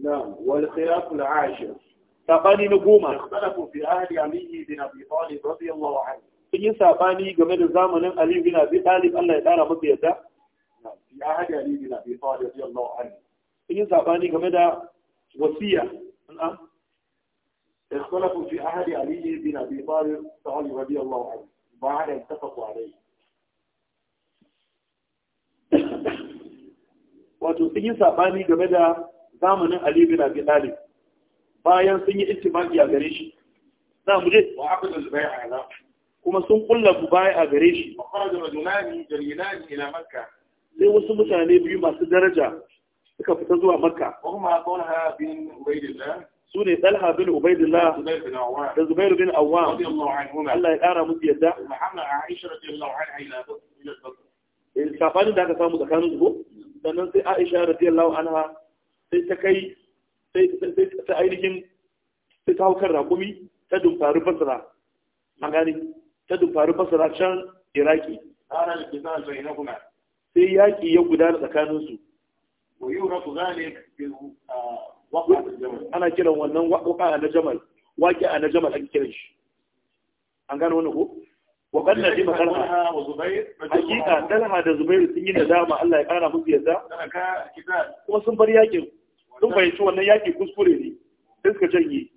نعم والخلاف العاشر ثقاني نقوما اختلفوا في أهل علي بن أبي طالب رضي الله عنه في ثقاني جمال الزامن علي بن أبي طالب الله يتعالى مضي يده نعم. في أهل علي بن أبي طالب رضي الله عنه في ثقاني جمال وصية نعم اختلفوا في أهل علي بن أبي طالب رضي الله عنه بعد ان اتفقوا عليه wato sun yi sabani game da zamanin Ali bin Abi Talib bayan sun yi ittifaqi a gare shi Na mu je wa aqad al-bai'a kuma sun kulla baya a gare shi wa kharaja rajulani jalilani ila makka sai wasu mutane biyu masu daraja suka fita zuwa makka wa ma qawlaha bin ubaydillah su ne Talha bin Ubaidillah da Zubairu bin Awwam Allah ya ƙara musu yadda eh, sabanin da aka samu tsakanin su sannan sai aisha radiyallahu anha sai ta kai sai ta ainihin sai ta haukar rakumi ta dumfari basra magani ta dumfari basra can iraki sai yaƙi ya gudana tsakaninsu ah, ana kiran wannan waƙa na jamal waƙi a na jamal ake kiran shi an gane wani ko وقد ندم طلحة حقيقة da Zubairu sun yi nadama Allah ya yadda kuma sun bar yakin sun fahimci wannan yakin kuskure ne janye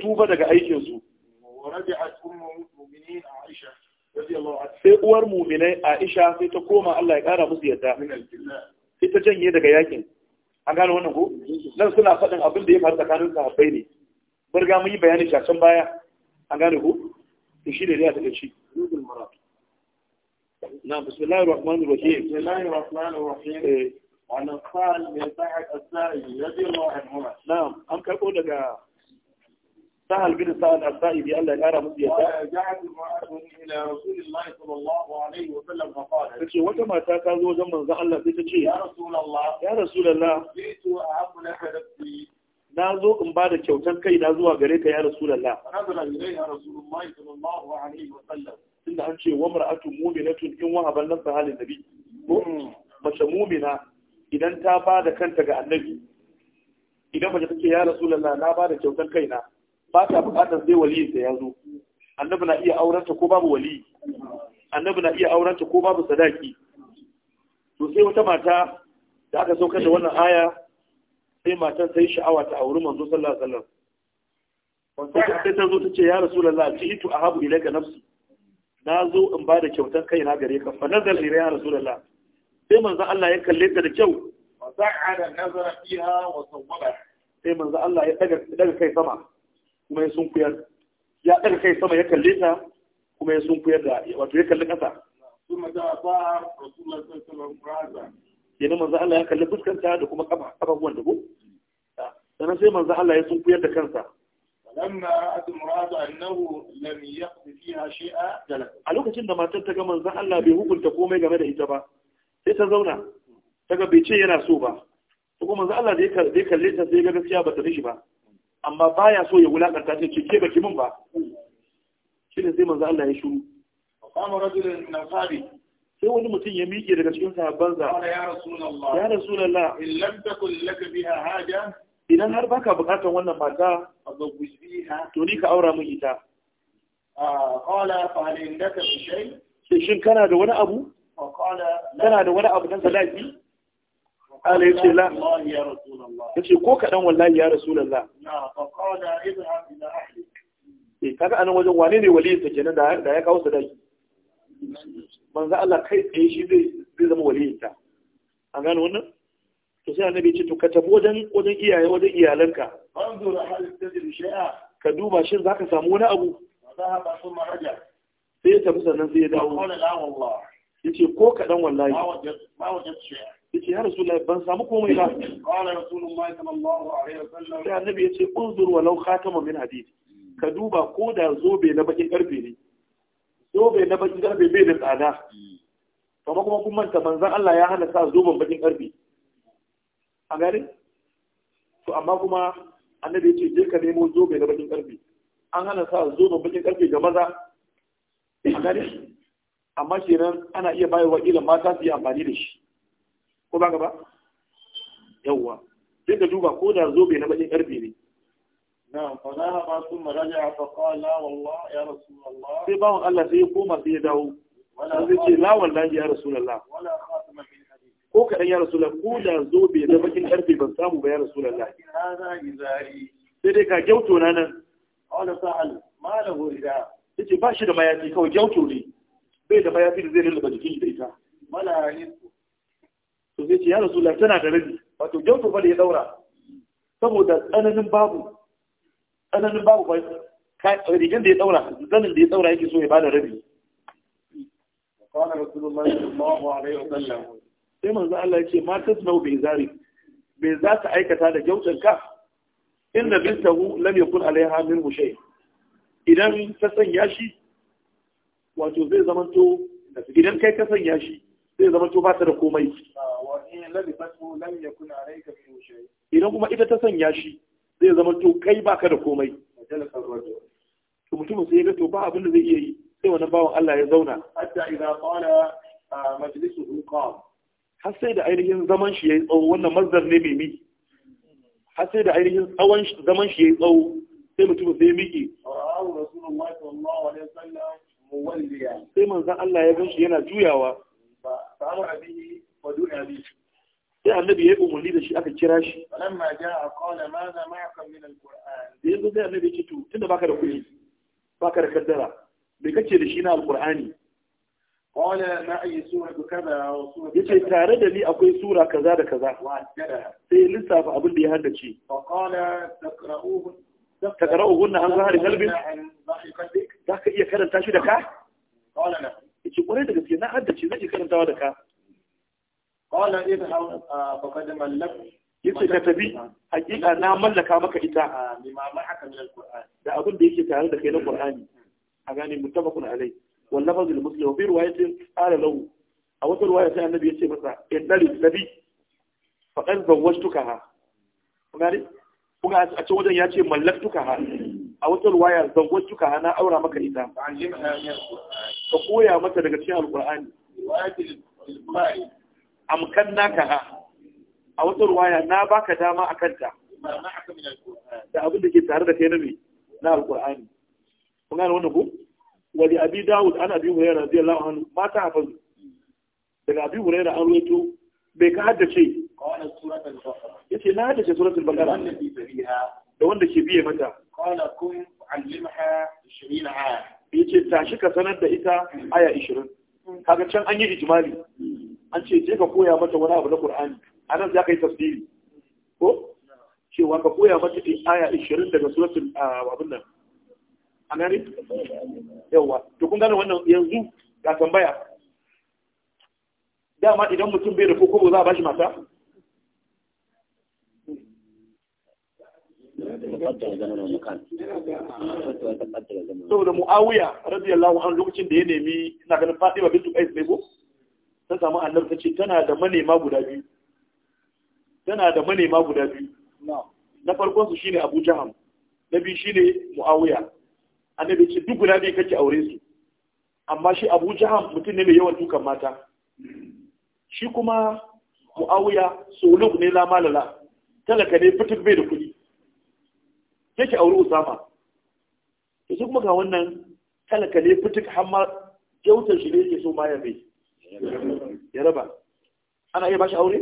tuba daga su sai uwar mu'minai Aisha sai ta koma Allah ya kara musu yadda sai janye daga yakin nan suna faɗin abin da ya faru tsakanin sahabbai ne bar riga yi bayani shashan baya أجانبه تشيل إليها تشيل ذنوب المرأة نعم بسم الله الرحمن الرحيم بسم الله الرحمن الرحيم وعن الصال من صاحب السائل يدي الله عنهما نعم أم كأقول لك سهل بن سهل السائل بأن الله يرى مصر يسا جاءت إلى رسول الله صلى الله عليه وسلم فقال تشي وكما تاكاد وزمن زعل الله تشي يا رسول الله يا رسول الله جئت أعب لك نفسي na zo in ba da kyautan kai na zuwa gare ka ya rasulullah nazala ilayha rasulullahi sallallahu alaihi wa sallam Inda an ce wa mar'atu mu'minatun in wahaban nafsa halin nabi ko hmm. mace mu'mina idan ta ba da kanta ga annabi idan mace take ya rasulullah na ba da kyautan kai na ba ta bukatar sai wali sai ya zo annabi na iya aurenta ko babu wali annabi na iya aurenta ko babu sadaki to sai wata mata da aka saukar da wannan aya sai matan sai sha'awa ta auri manzo sallallahu alaihi wasallam sai ta zo ta ce ya rasulullah ci itu ahabu ilayka nafsi na zo in ba da kyautar kai na gare ka fa nazar ila ya rasulullah sai manzo Allah ya kalle ta da kyau wa sa'ada nazara fiha wa sawwaba sai manzo Allah ya daga daga kai sama kuma ya sunkuyar ya daga kai sama ya kalle ta kuma ya sunkuyar da wato ya kalli kasa kuma da ba rasulullah sallallahu alaihi wasallam kenan manzo Allah ya kalli fuskanta da kuma kafa kafafuwan da ko sannan sai manzo Allah ya kuyar da kansa lamma at muradu annahu lam yaqdi fiha shay'a jalasa a lokacin da matar ta ga manzo Allah bai hukunta komai game da ita ba sai ta zauna ta ga bai ce yana so ba to kuma manzo Allah da ya kalle ta sai ga gaskiya ba ta rishi ba amma baya so ya wulakanta ta ce ke baki mun ba shi ne sai manzo Allah ya shuru qama rajulun min sai wani mutum ya miƙe daga cikin sahabbansa ya rasu in idan har baka bukatar wannan mata to ni ka aura min ita ah, qala fa indaka shay shin kana da wani abu kana da wani abu dan sadaki ala yace la yace ko kaɗan wallahi ya rasulullah eh kaga anan wajen wane ne waliyin sa kenan da ya kawo sadaki manzo Allah kai tsaye shi zai zama waliyinta an gane wannan to sai annabi ce to ka tafi wajen wajen iyaye wajen iyalanka an da hal tajri shay'a ka duba shin zaka samu wani abu zahaba sun maraja sai ya tafi sannan sai ya dawo qala yace ko dan wallahi ma wajad shay'a yace ya rasulullahi ban samu komai ba qala rasulullahi sallallahu alaihi wasallam sai annabi yace unzur walau khatama min hadid ka duba ko da zobe na bakin karfe ne zobe na bakin karfe bai da tsada kuma kuma kun manta manzan Allah ya hana sa zoben bakin karfe a gani to amma kuma annabi ya ce je ka nemo zobe na bakin karfe an hana sa zoben bakin karfe ga maza a gani amma kenan ana iya bayarwa ilan mata su yi amfani da shi ko ba gaba yawwa duk da duba ko da zobe na bakin karfe ne na'am fa dhahaba thumma raja'a fa qala la wallahi ya rasul Allah sai bawon Allah sai ya koma sai ya dawo sai ce la daji ya rasul Allah ko kaɗan ya rasul ko da zo bai da bakin karfe ban samu ba ya rasul Allah sai dai ka gyauto na nan wala sa'al ma lahu ida yace ba shi da mayafi kawai gyauto ne bai da mayafi da zai lullaba jikin da ita wala hisu to sai ce ya rasul Allah tana da rabi wato gyauto fa da ya daura saboda tsananin babu tsananin babu ba rigan da ya daura zanin da ya daura yake so ya bada rabi sai manzo Allah ya ce ma tasnau bai zari me za ka aikata da gyautanka inda bintahu lam yakun alaiha min shay idan ka sanya shi wato zai zama to. idan kai ka sanya shi zai zama ba ta da komai idan kuma ita ta sanya shi zai zama to kai baka da komai to mutum sai ya ga to ba abin da zai iya yi sai wannan bawan Allah ya zauna hatta fara qala majlisuhu qam har sai da ainihin zaman shi yayi tsawo wannan mazdar ne mimi har sai da ainihin tsawon zaman shi yayi tsawo sai mutum sai miki sai manzon Allah ya gan shi yana juyawa ba sai annabi ya yi umarni da shi aka kira shi falamma ja'a qala ma za ma'aka min alquran yanzu sai annabi ya ce to tunda baka da kuɗi baka da kaddara me kace da shi na alqur'ani qala ma'i suratu kaza wa suratu yace tare da ni akwai sura kaza da kaza sai lissafa abin da ya haddace fa qala taqra'uhu taqra'uhunna an zahari qalbin zaka iya karanta shi da ka qala na yace kwarai da gaske na haddace zai karantawa da ka qala idhaw faqad mallak yace ka tabi hakika na mallaka maka ita bima ah, ma'aka min alquran da abin da yake tare da kai na qur'ani a gane muttafaqun alai wal lafz al muslim wa fi riwayatin qala lahu a wata riwaya sai annabi yace masa in dali tabi faqad zawwajtukaha gane kuma a cikin wajen yace ce mallaktukaha a wata ruwaya zawwajtukaha na aura maka ita ka koya mata daga cikin alqur'ani amkan naka ha a wata ruwaya na baka dama a kanta da abin da ke tare da kai na mai na alkur'ani kun gane wannan ku wali abi dawud an abi hurairah radiyallahu anhu mata hafazu daga abi hurairah an ruwaito bai ka haddace yace na haddace suratul baqara da wanda ke biye mata qala kun yace tashi ka sanar da ita aya 20 kaga can an yi ijmali an ce je ka koya mata wani abu na Qur'ani nan za ka yi tafsiri ko cewa ka koya mata ɗin aya 20 daga suratul ah, abin nan A gani yawa to kun gane wannan yanzu ga tambaya dama idan mutum bai da ko za a bashi mata saboda mu'awiya radiyallahu an lokacin da ya nemi ina ganin fatima bintu qais ne ko ta samu annar ta ce tana da manema guda biyu tana da manema guda biyu na farkon su shine Abu Jaham na biyu shine Muawiya annabi ce duk guda biyu kake aure su amma shi Abu Jaham mutum ne mai yawan dukan mata shi kuma Muawiya suluk ne lamalala malala talaka ne fitin bai da kuɗi yake aure Usama to kuma ga wannan talaka ne fitin har ma shi ne yake so ma ya bai ya raba ana iya bashi aure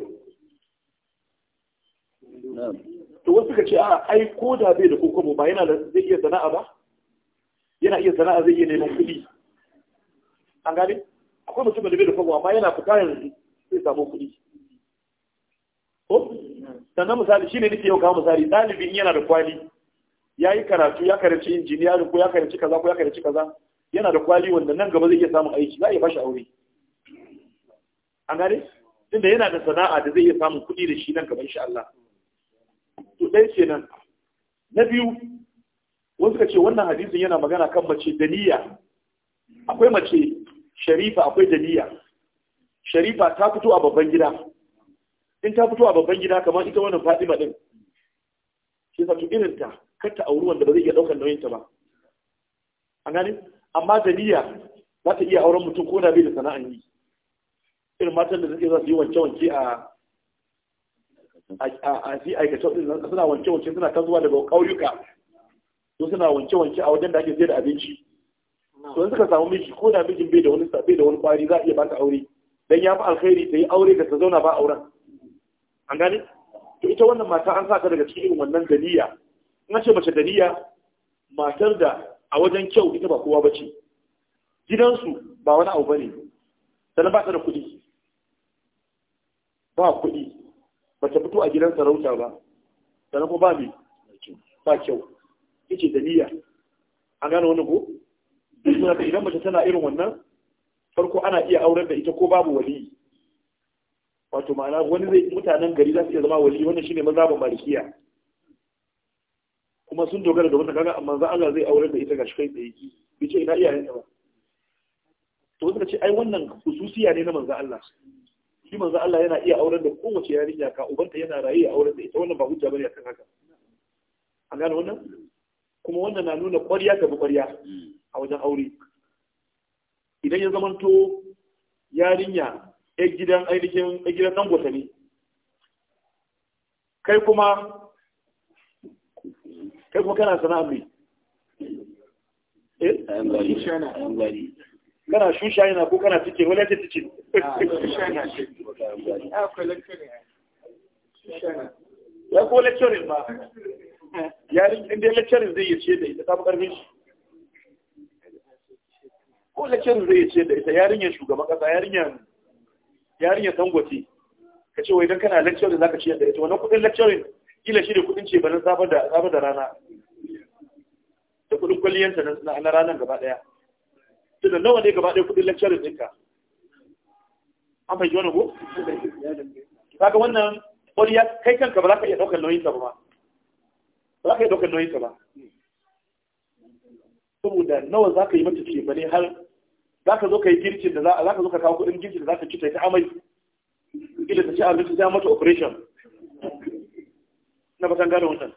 to wasu ka ce a ai ko da bai da kokobo ba yana zai iya sana'a ba yana iya sana'a zai iya neman kuɗi an gane akwai mutum da bai da kokobo amma yana fita yanzu zai samu kuɗi ko sannan misali shi ne nake yau kawo misali ɗalibin yana da kwali ya yi karatu ya karanci injiniyarin ko ya karanci kaza ko ya karanci kaza yana da kwali wanda nan gaba zai iya samun aiki za a iya bashi aure an gane tunda yana da sana'a da zai iya samun kuɗi da shi nan kamar shi Allah to ɗaya ce nan na biyu wasu ka ce wannan hadisin yana magana kan mace da niyya akwai mace sharifa akwai da niyya sharifa ta fito a babban gida in ta fito a babban gida kamar ita wannan Fatima din shi sa irin ta kar ta auri wanda ba zai iya daukar nauyin ta ba an gane amma da niyya za ta iya auren mutum ko da bai da sana'an yi irin matan da suke za su yi wanke-wanke a a fi aikace suna wanke-wanke suna kan zuwa daga ƙauyuka su suna wanke-wanke a wajen da ake sayar da abinci su in suka samu miji ko da mijin bai da wani sabi da wani kwari za a iya baka aure dan ya fi alkhairi ta yi aure da ta zauna ba auren an gane to ita wannan mata an sa ta daga cikin irin wannan daliya in ce mace daliya matar da a wajen kyau ita ba kowa ba ce. gidansu ba wani abu ba ne. sannan ba ta da kuɗi ba kuɗi ba ta fito a gidan sarauta ba sannan kuma ba mai ba kyau yake da niyya an gano wani ko idan mace tana irin wannan farko ana iya auren da ita ko babu wali wato ma'ana wani zai mutanen gari za su iya zama wali wannan shine mazhabin malikiya kuma sun dogara da wannan kaga amma za Allah zai auren da ita gashi kai tsaye bi ce ina iyayen ta ba to suka ce ai wannan hususiya ne na manzo Allah shi manzo Allah yana iya auren da kowace yarinya ka ubanta yana raye a auren da ita wannan ba hujja bane akan haka an gane wannan kuma wannan na nuna ƙwarya ga ƙwarya a wajen aure idan ya zamanto yarinya ya gidan ainihin ya gidan dangote ne kai kuma kai kuma kana sana'a mai eh kana shusha yana ko kana cikin wani ya ce cikin ya ko lecturing ba ya inda lecturing zai yace da ita tafi karfin shi ko lecturing zai yace da ita yarinyar shugaban kasa yarinyar yarinyar ka ce wai don kana lecturing za ka ciyar da ita wani kudin lecturing kila shi da kudin ce ba na da sabar da rana da kudin kwalliyanta na ranar gaba daya tunda nawa ne gaba daya kudin lecturing ɗinka an fahimci wannan ko kaga wannan wani ya kai kanka ba za ka iya ɗaukar nauyin ba ba za ka iya ɗaukar nauyin ba saboda nawa za ka yi mata ce ba ne har za ka zo ka yi girkin da za ka zo ka kawo kuɗin girkin da za ka ci ta amai ila ta ci abinci ta mata operation na bakan gane wannan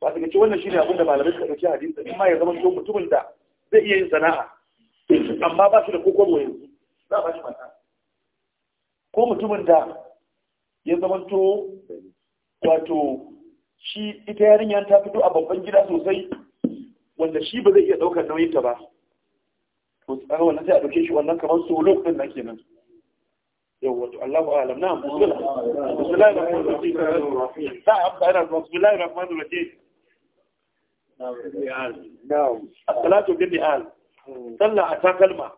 ba ta gaci wannan shine abin da malamai suka ɗauki hadisi in ma ya zama to mutumin da zai iya yin sana'a amma ba shi da kokon yanzu za a ba shi mata ko mutumin da ya zamanto wato shi ita yarinyar ta fito a babban gida sosai wanda shi ba zai iya ɗaukar nauyinta ba to tsara wannan sai a ɗauke shi wannan kamar solo ɗin nan kenan yau wato Allahu alam na bismillahir rahmanir rahim da abda ana bismillahir rahmanir rahim na'am as-salatu bil ni'al sallah a takalma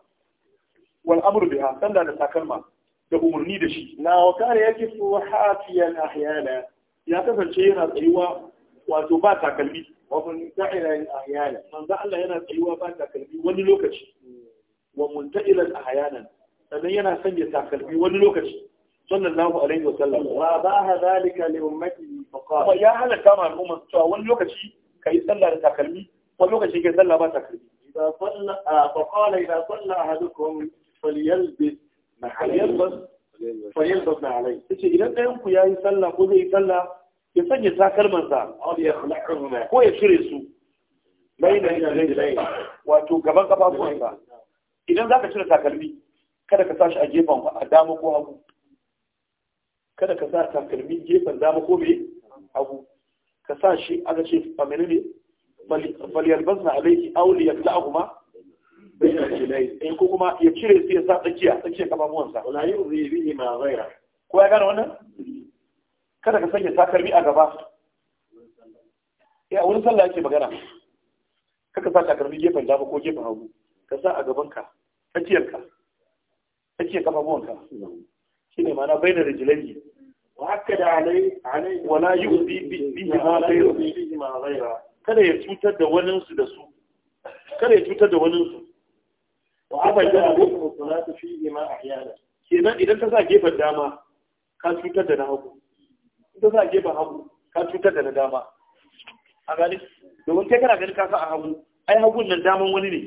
wal amru biha da takalma da umarni da shi na wakana yake su hafiyan ahyana ya kasance yana tsayuwa wato ba takalmi ta wa munta'ilan ahyana manzo Allah yana tsayuwa ba takalmi wani lokaci wa munta'ilan ahyana sannan yana sanya takalmi wani lokaci sallallahu alaihi wa sallam wa baha zalika li ummati faqala ya halaka ma al'umma cewa wani lokaci kai sallah da takalmi wani lokaci kai sallah ba takalmi idan sallah ah, faqala idan sallah ahadukum falyalbis fayyalbas na alai ta ce idan ɗayan ku ya yi sallah ko zai yi sallah ya sanya takalmansa ko ya cire su yi da yana wato gaban kafafuwansa idan za ka cire takalmi kada ka shi a gefen a dama ko hagu kada ka sa takalmi gefen dama ko mai hagu ka sa shi aka ce famili ne falyalbas na alaiki auli ya ma. in ko kuma ya cire su ya sa tsakiya tsakiyar kafafuwansa wala yin zai bihi ma ko ya gane wannan kada ka sanya takalmi a gaba ya wani sallah yake magana kaka sa takalmi gefen dama ko gefen hagu ka sa a gabanka tsakiyarka tsakiyar kafafuwanka shi ne mana bai da rijilai وهكذا عليه عليه ولا يؤذي بهما غيره kada ya cutar da waninsu da su kada ya cutar da waninsu wa abaida alaikum salatu fi ima ahyana kenan idan ka sa gefen dama ka cutar da na hagu idan ka sa gefen hagu ka cutar da na dama a gani domin kai kana ganin ka sa a hagu ai hagun nan daman wani ne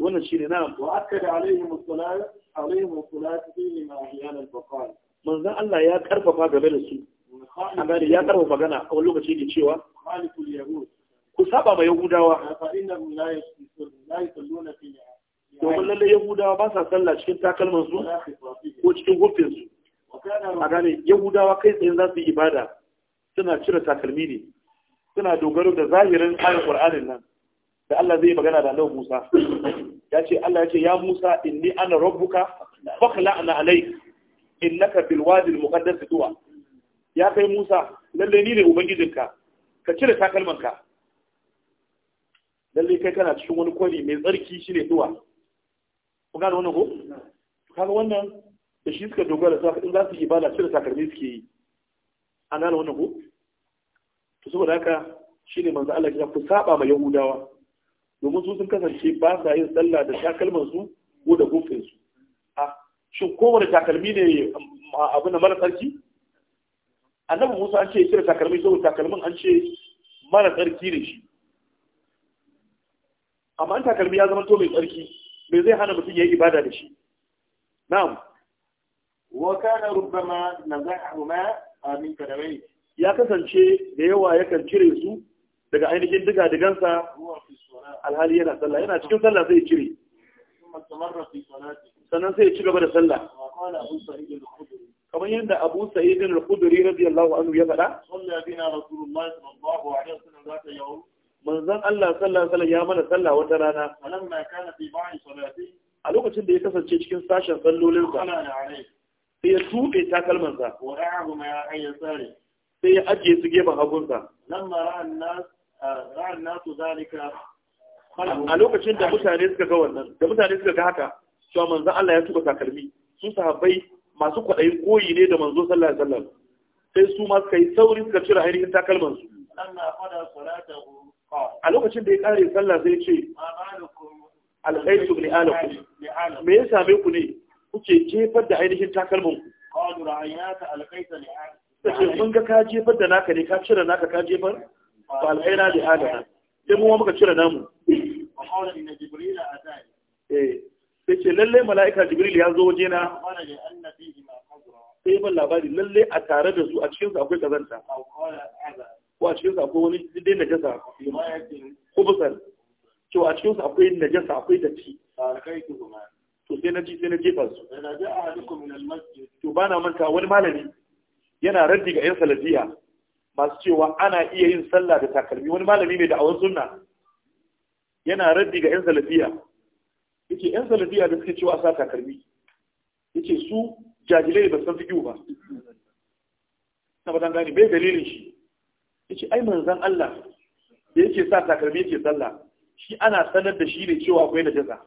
wannan shine na wa akada alaihim salatu alaihim salatu fi ima ahyana faqala manzon Allah ya karfafa game da su a gani ya karfafa magana a wani lokaci ke cewa ku saba ma yahudawa domin lalle yahudawa ba sa sallah cikin takalman su ko cikin hufin su a gane yahudawa kai tsaye za su yi ibada suna cire takalmi ne suna dogaro da zahirin ayin qur'anin nan da Allah zai magana da Annabi Musa ya ce Allah ya ce ya Musa inni ana rabbuka fakhla'na alayk innaka bil wadi al muqaddas tuwa ya kai Musa lalle ni ne ubangijinka ka cire takalmanka lalle kai kana cikin wani kwari mai tsarki shine duwa ku gane wannan ko kaga wannan da shi suka dogara su in za su yi bala cire takalmi suke yi an gane wannan ko to saboda haka shine manzo Allah ya ku saba ma yahudawa domin su sun kasance ba sa yin sallah da takalman su ko da gufin su a shin wani takalmi ne abin da mara tsarki annabi Musa an ce cire takalmi saboda takalmin an ce mara tsarki ne shi amma an takalmi ya zama to mai tsarki me zai hana mutum ya yi ibada da shi na'am wa kana rubbama nazahuma amin kadamai ya kasance da yawa yakan cire su daga ainihin diga digansa alhali yana sallah yana cikin sallah zai cire sannan sai ya ci gaba da sallah kamar yadda Abu sa'idin al-Khudri radiyallahu anhu ya faɗa sallallahu alaihi wa sallam zata manzon Allah sallallahu alaihi wasallam ya mana sallah wata rana alam ma kana fi ba'i salati a lokacin da ya kasance cikin sashen sallolin sa sai ya tuɓe takalman sa wa wara'ahu ma ya sare sai ya ajiye su gefen hagun sa lam ma ra'a an nas ra'a an nas zalika a lokacin da mutane suka ga wannan da mutane suka ga haka cewa manzon Allah ya tuba takalmi su sahabbai masu kwaɗayin koyi ne da manzo sallallahu alaihi wasallam sai su ma suka yi sauri suka cire ainihin takalman su anna fada salatahu a lokacin da ya kare sallah sai ce alkhairu ne alakum me ya same ku ne kuke jefar da ainihin takalmin ku qalu ra'ayaka mun ga ka jefar da naka ne ka cire naka ka jefar fa alkhaira li alakum sai mu muka cire namu wa qala inna jibril eh, sai ce lalle mala'ika jibril ya zo waje na sai ban labari lallai a tare da su a cikin su akwai kazanta ko a cikinsu akwai wani dai najasa kubusar cewa a cikinsu akwai najasa akwai datti to sai na ji sai na jefa su to ba na manta wani malami yana raddi ga 'yan salafiya masu cewa ana iya yin sallah da takalmi wani malami mai da'awar sunna yana raddi ga 'yan salafiya yace 'yan salafiya da suke cewa sa takalmi yace su jajilai ba san fiƙi ba na ba gani bai dalilin shi ya ai manzon Allah da yake sa takalmi yake sallah shi ana sanar da shi ne cewa akwai da jaza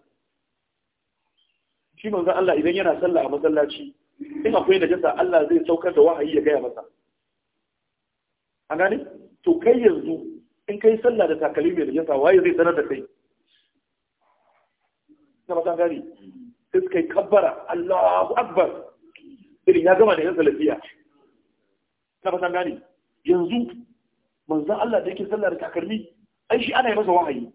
shi manzon Allah idan yana sallah a masallaci in akwai da jaza Allah zai saukar da wahayi ya gaya masa an gane to kai yanzu in kai sallah da takalmi mai da jaza waye zai sanar da kai na matan gani sai kai kabbara Allahu Akbar irin ya gama da yin salafiya na matan gani yanzu manzan Allah da yake sallah da takalmi ai shi ana yi masa wahayi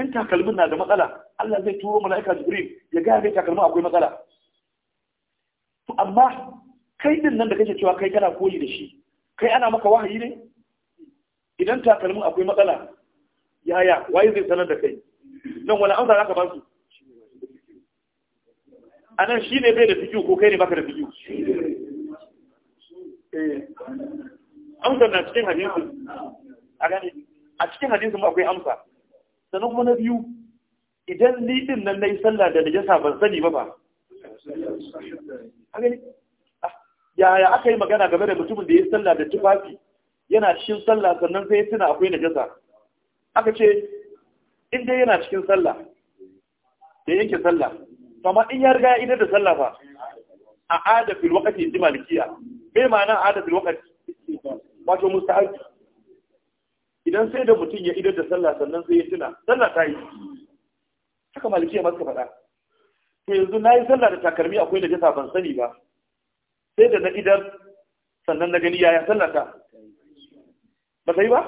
in takalmin na da matsala Allah zai turo mala'ika Jibril ya ga kai takalmin akwai matsala to amma kai din nan da kake cewa kai kana koyi da shi kai ana maka wahayi ne idan takalmin akwai matsala yaya waye zai sanar da kai nan wani amsa zaka ba su a nan shi ne bai da fikiyu ko kai ne baka da fikiyu eh. amsar na cikin hadisi a gane a cikin hadisin akwai amsa sannan kuma na biyu idan ni din nan nayi sallah da najasa ban sani ba ba a gane yaya aka yi magana game da mutumin da ya sallah da tufafi yana cikin sallah sannan sai ya tuna akwai najasa aka ce in dai yana cikin sallah da yanke sallah amma in ya riga ya idar da sallah ba a adafin wakati waqti inji malikiya bai ma'ana adafin wakati wato musta'arci. idan sai da mutum ya idar da sallah sannan sai ya tuna sallah ta yi haka ya masa faɗa to yanzu na yi sallah da takalmi akwai jasa ban sani ba sai da na idar sannan na gani yaya sallah ta ba sai ba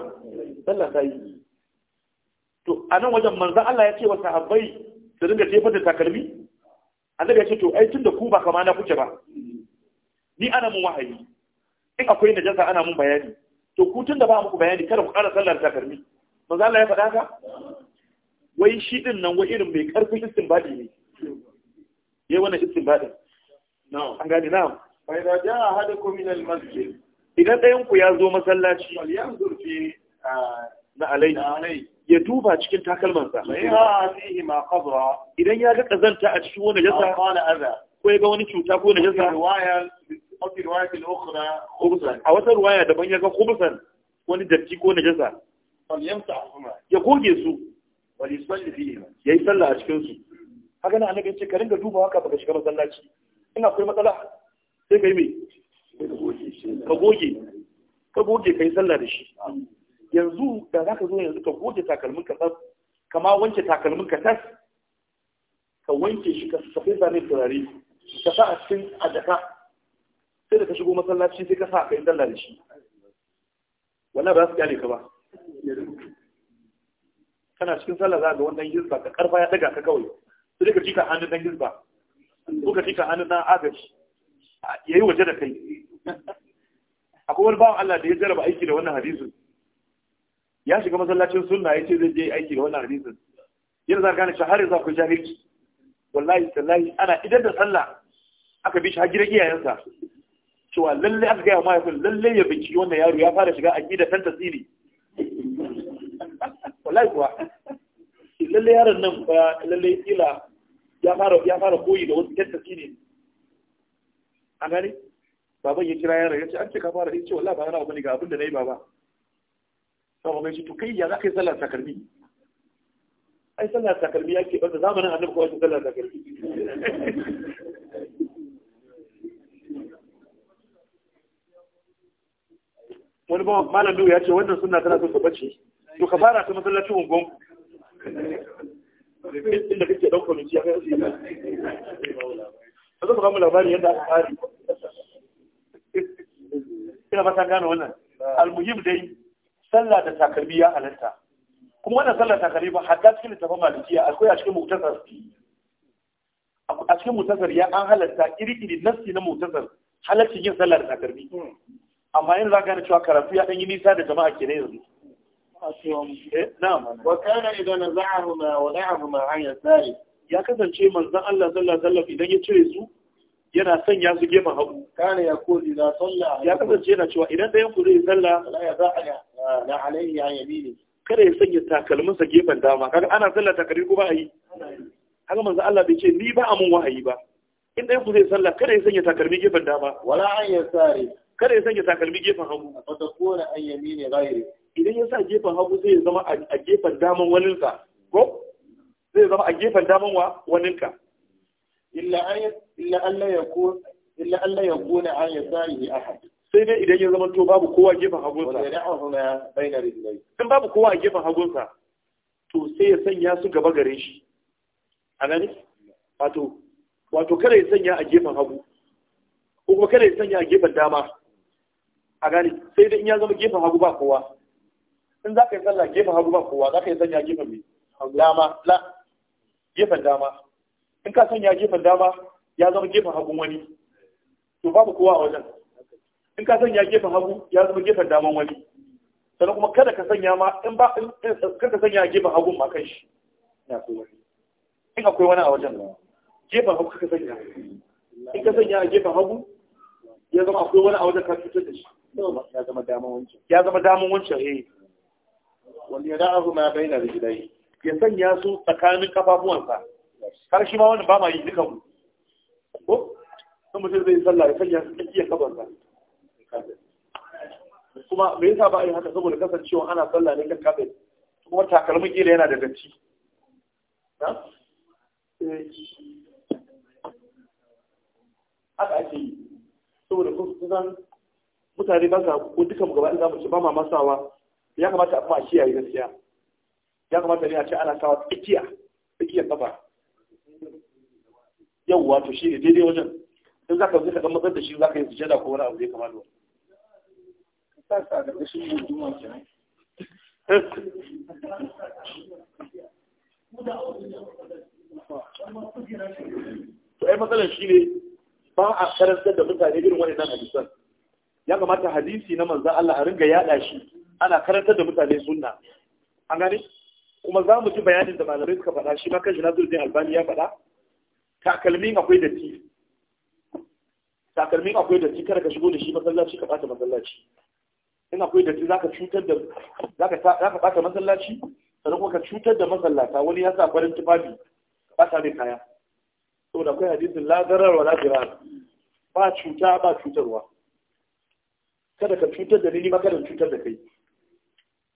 sallah ta yi to a nan wajen manzan Allah ya ce wa sahabbai su dinga jefar da takalmi annabi ya ce to ai tun da ku ba kama na kuke ba ni ana mun wahayi in akwai najasa ana mun bayani to ku tun da ba muku bayani kada ku ƙara sallar takarmi manzo Allah ya faɗa ka wai shi din nan wai irin mai karfin istinbadi ne yayi wannan istinbadi na'am an gani na'am fa idza jaa ahadukum min al-masjid idan ɗayan ku ya zo masallaci wal yanzur fi ah, na alai ya duba cikin takalmansa ya fihi ma qabra idan ya ga kazanta a cikin wani jasa ko ya ga wani cuta ko wani jasa a wata ruwaya daban ya ga khubzan wani datti ko na najasa ya goge su ya yi sallah a cikinsu haka na annabi ce ka ringa duba haka baka shiga masallaci ina akwai matsala sai ka yi mai ka goge ka goge ka yi sallah da shi yanzu da za ka zo yanzu ka goge takalmin ka tas kama wanke takalmin ka tas ka wanke shi ka safai zane turare ka sa a cikin a jaka sai da ka shigo masallaci sai ka sa ka yi sallah da shi wannan ba za su kyale ka ba kana cikin sallah za ga wannan gizba ka karfa ya daga ka kawai sai ka jika hannun dan gizba ko ka jika hannun dan agaji yayi waje da kai akwai wani bawan Allah da ya jarraba aiki da wannan hadisin ya shiga masallacin sunna ya ce zai je aiki da wannan hadisin yana za gane shi har yanzu akwai jahilci wallahi tallahi ana idan da sallah aka bi shi har gidan iyayensa cewa lalle aka gaya mahaifin lalle ya binciki wannan yaro ya fara shiga aƙida tan tasiri wallahi kuwa lalle yaron nan ba lalle kila ya fara ya fara koyi da wasu tan tasiri a gani baban ya kira yaron ya ce an ce ka fara ya ce wallahi ba yana bane ga abin da nayi baba sai mai shi to kai ya zaka yi sallar takalmi ai sallar takalmi yake ba zamanin annabi kawai sallar takalmi wani ba malam biyu ya ce wannan suna tana son ce to ka fara ta masallacin ungon inda kake dan kwamiti ya kai ba mu labari yadda aka fari ina fata gane wannan almuhim dai sallah da takalmi ya halatta kuma wannan sallah takalmi ba hadda cikin littafin malikiya akwai a cikin mutasar a cikin mutasar ya an halatta iri-iri nassi na mutasar halaccin yin sallah da takalmi amma yanzu za gane cewa karatu ya ɗan nisa da jama'a ke ne yanzu eh, wa kana idan ya kasance manzan Allah zalla zalla idan ya cire su yana ya ya kasance yana cewa idan ɗayan ku zai salla la ya za'a la kada ya sanya takalminsa gefen dama kaga ana sallah takalmi ko ba a yi haka Allah bai ce ni ba a mun wahayi ba in ɗayan ku zai sallah kada ya sanya takalmi gefen dama wala an sare. kada ya sanya takalmi gefen hagu fa takuna an yamini ghairi idan ya sa gefen hagu zai zama a gefen daman waninka ko zai zama a gefen daman wa waninka illa an illa an la yakun illa an la yakuna an yasarihi ahad sai dai idan ya zama to babu kowa a gefen hagunsa in babu kowa a gefen hagunsa to sai ya sanya su gaba gare shi a gani wato wato kada ya sanya a gefen hagu ko kuma kada ya sanya a gefen dama a gane sai dai in ya zama gefen hagu ba kowa in za ka yi sallah gefen hagu ba kowa za ka yi sanya gefen mai dama la gefen dama in ka sanya gefen dama ya zama gefen hagu wani to babu kowa a wajen in ka sanya gefen hagu ya zama gefen daman wani sannan kuma kada ka sanya ma in ba in kada sanya gefen hagu ma kan shi ina akwai wani in akwai wani a wajen gefen hagu ka sanya in ka sanya gefen hagu ya zama akwai wani a wajen ka fitar da shi ya zama daman wancan ya zama daman wancan eh wanda ya da'ahu ma baina rijlai ya sanya su tsakanin kafafuwansa har shi ma wani ba ma yi duka mu ko sun mutum zai sallah ya sanya su tsakiyar kafarsa kuma me yasa ba a yi haka saboda kasancewa ana sallah ne kan kafin kuma takalmin kila yana da datti eh. haka ake yi saboda kusan mutane ba sa ko dukan gaba ɗaya zamu ci ba ma sawa ya kamata a kuma kiyaye gaskiya ya kamata ne a ce ana sawa tsakiya tsakiyar kafa yau wato shi ne daidai wajen in za ka zai kaɗan matsar da shi za ka yi sujada ko wani abu zai kamata ba. wani to ai matsalar shi ne ba a karantar da mutane irin wani nan hadisan ya kamata hadisi na manzan Allah a ringa yada shi ana karantar da mutane sunna an gane kuma za mu ji bayanin da malamai suka faɗa shi ma kan shi Nasiruddin Albani ya faɗa takalmin akwai datti takalmin akwai datti kada ka shigo da shi masallaci ka bata masallaci in akwai datti ka cutar da za ka bata masallaci sannan kuma ka cutar da masallata wani ya sa farin tufafi ka bata mai kaya saboda akwai hadisin la wa la ba cuta ba cutarwa kada ka cutar da ni ma kada cutar da kai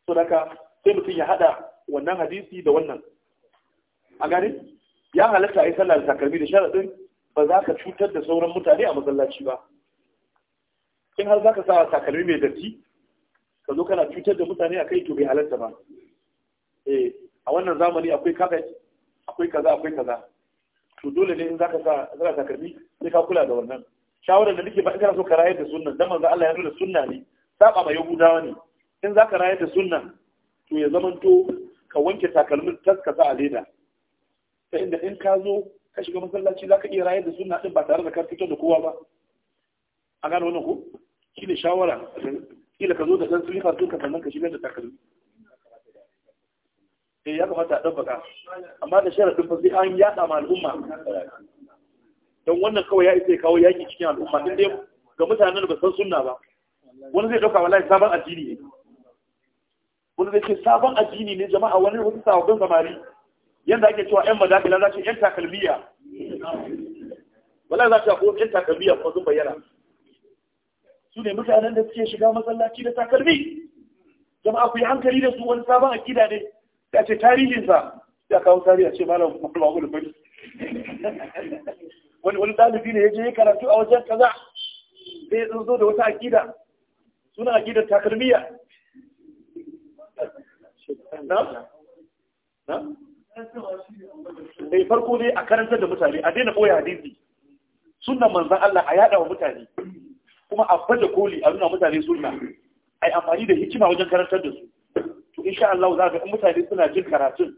so daga sai mutum ya hada wannan hadisi da wannan a gani ya halatta a yi sallah da takalmi da sharaɗin ba za ka cutar da sauran mutane a masallaci ba in har za ka sa takalmi mai datti ka zo kana cutar da mutane a kai to bai halatta ba eh a wannan zamani akwai carpet akwai kaza akwai kaza to dole ne in za ka sa takalmi sai ka kula da wannan shawarar da nake ba ina so ka raye da sunna dan manzo Allah ya nuna sunna ne saba ma yahudawa ne in za ka da sunna to ya zamanto ka wanke takalmin taskasa a leda ta inda in ka zo ka shiga masallaci za ka iya raye da sunna din ba tare da ka fito da kowa ba a gane wannan ko shi ne shawara kila ka zo da ɗan silifa to ka sannan ka shigar da takalmi eh ya kamata a dabbaka amma da sharadin fa sai an yada ma al'umma don wannan kawai ya isa ya kawo yaki cikin al'umma din dai ga mutanen da ba san sunna ba wani zai dauka wallahi sabon addini ne wani zai ce sabon addini ne jama'a wani wasu sababbin samari yanda ake cewa yan madakila za ce yan takalmiya wallahi za ta ko yan takalmiya ko sun bayyana su ne mutanen da suke shiga masallaci da takalmi jama'a ku yi hankali da su wani sabon akida ne da ce tarihinsa ya kawo tarihi a ce malam mahmud bai wani wani ɗalibi ne ya je karatu a wajen kaza sai ya zo da wata akida suna akida takalmiya na? da farko dai a karanta da mutane a daina ɓoye hadisi sunan manzan Allah a yada wa mutane kuma a fada koli a nuna mutane sunna a yi amfani da hikima wajen karantar da su to insha Allah za ga mutane suna jin karatun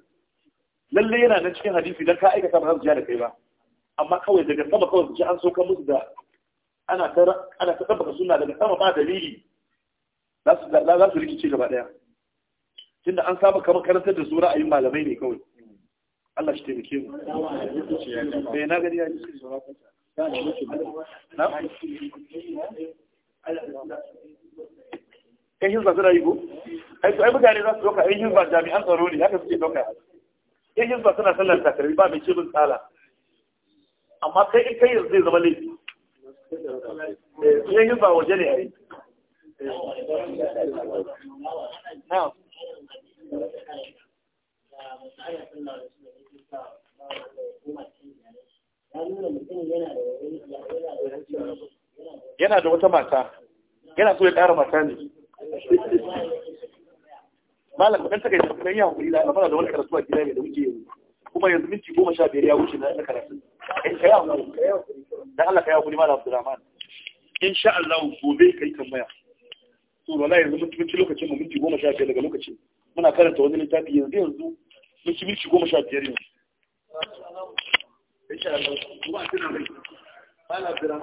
lallai yana nan cikin hadisi don ka aikata ba za su da kai ba amma kawai daga sama kawai su ce an soka musu da ana ta ana tabbata suna daga sama ba dalili za su rikice gaba daya tunda an saba kamar karantar da su ra'ayin malamai ne kawai Allah shi taimake mu bai eh, na gani ya ji na kai hizba suna yi ko ai to ai mutane za su doka ai ba jami'an tsaro ne haka suke doka ai ba suna sallar takarbi ba mai ce bin tsala amma sai in kai zai zama laifi eh, in yin ba waje ne ai yana da wata mata yana so ya ƙara mata ne malam kan ta kai da kuma yi hankali da amana da wani karatu a gida mai da wuce yi kuma yanzu minti goma sha biyar ya wuce na karatu kai da Allah kai hakuri malam Abdulrahman in sha Allah gobe kai tambaya to wallahi yanzu mun ci lokacin mu minti goma sha biyar daga lokacin muna karanta wani littafi yanzu yanzu mun ci minti goma sha biyar yanzu in sha Allah kuma tana mai malam Abdulrahman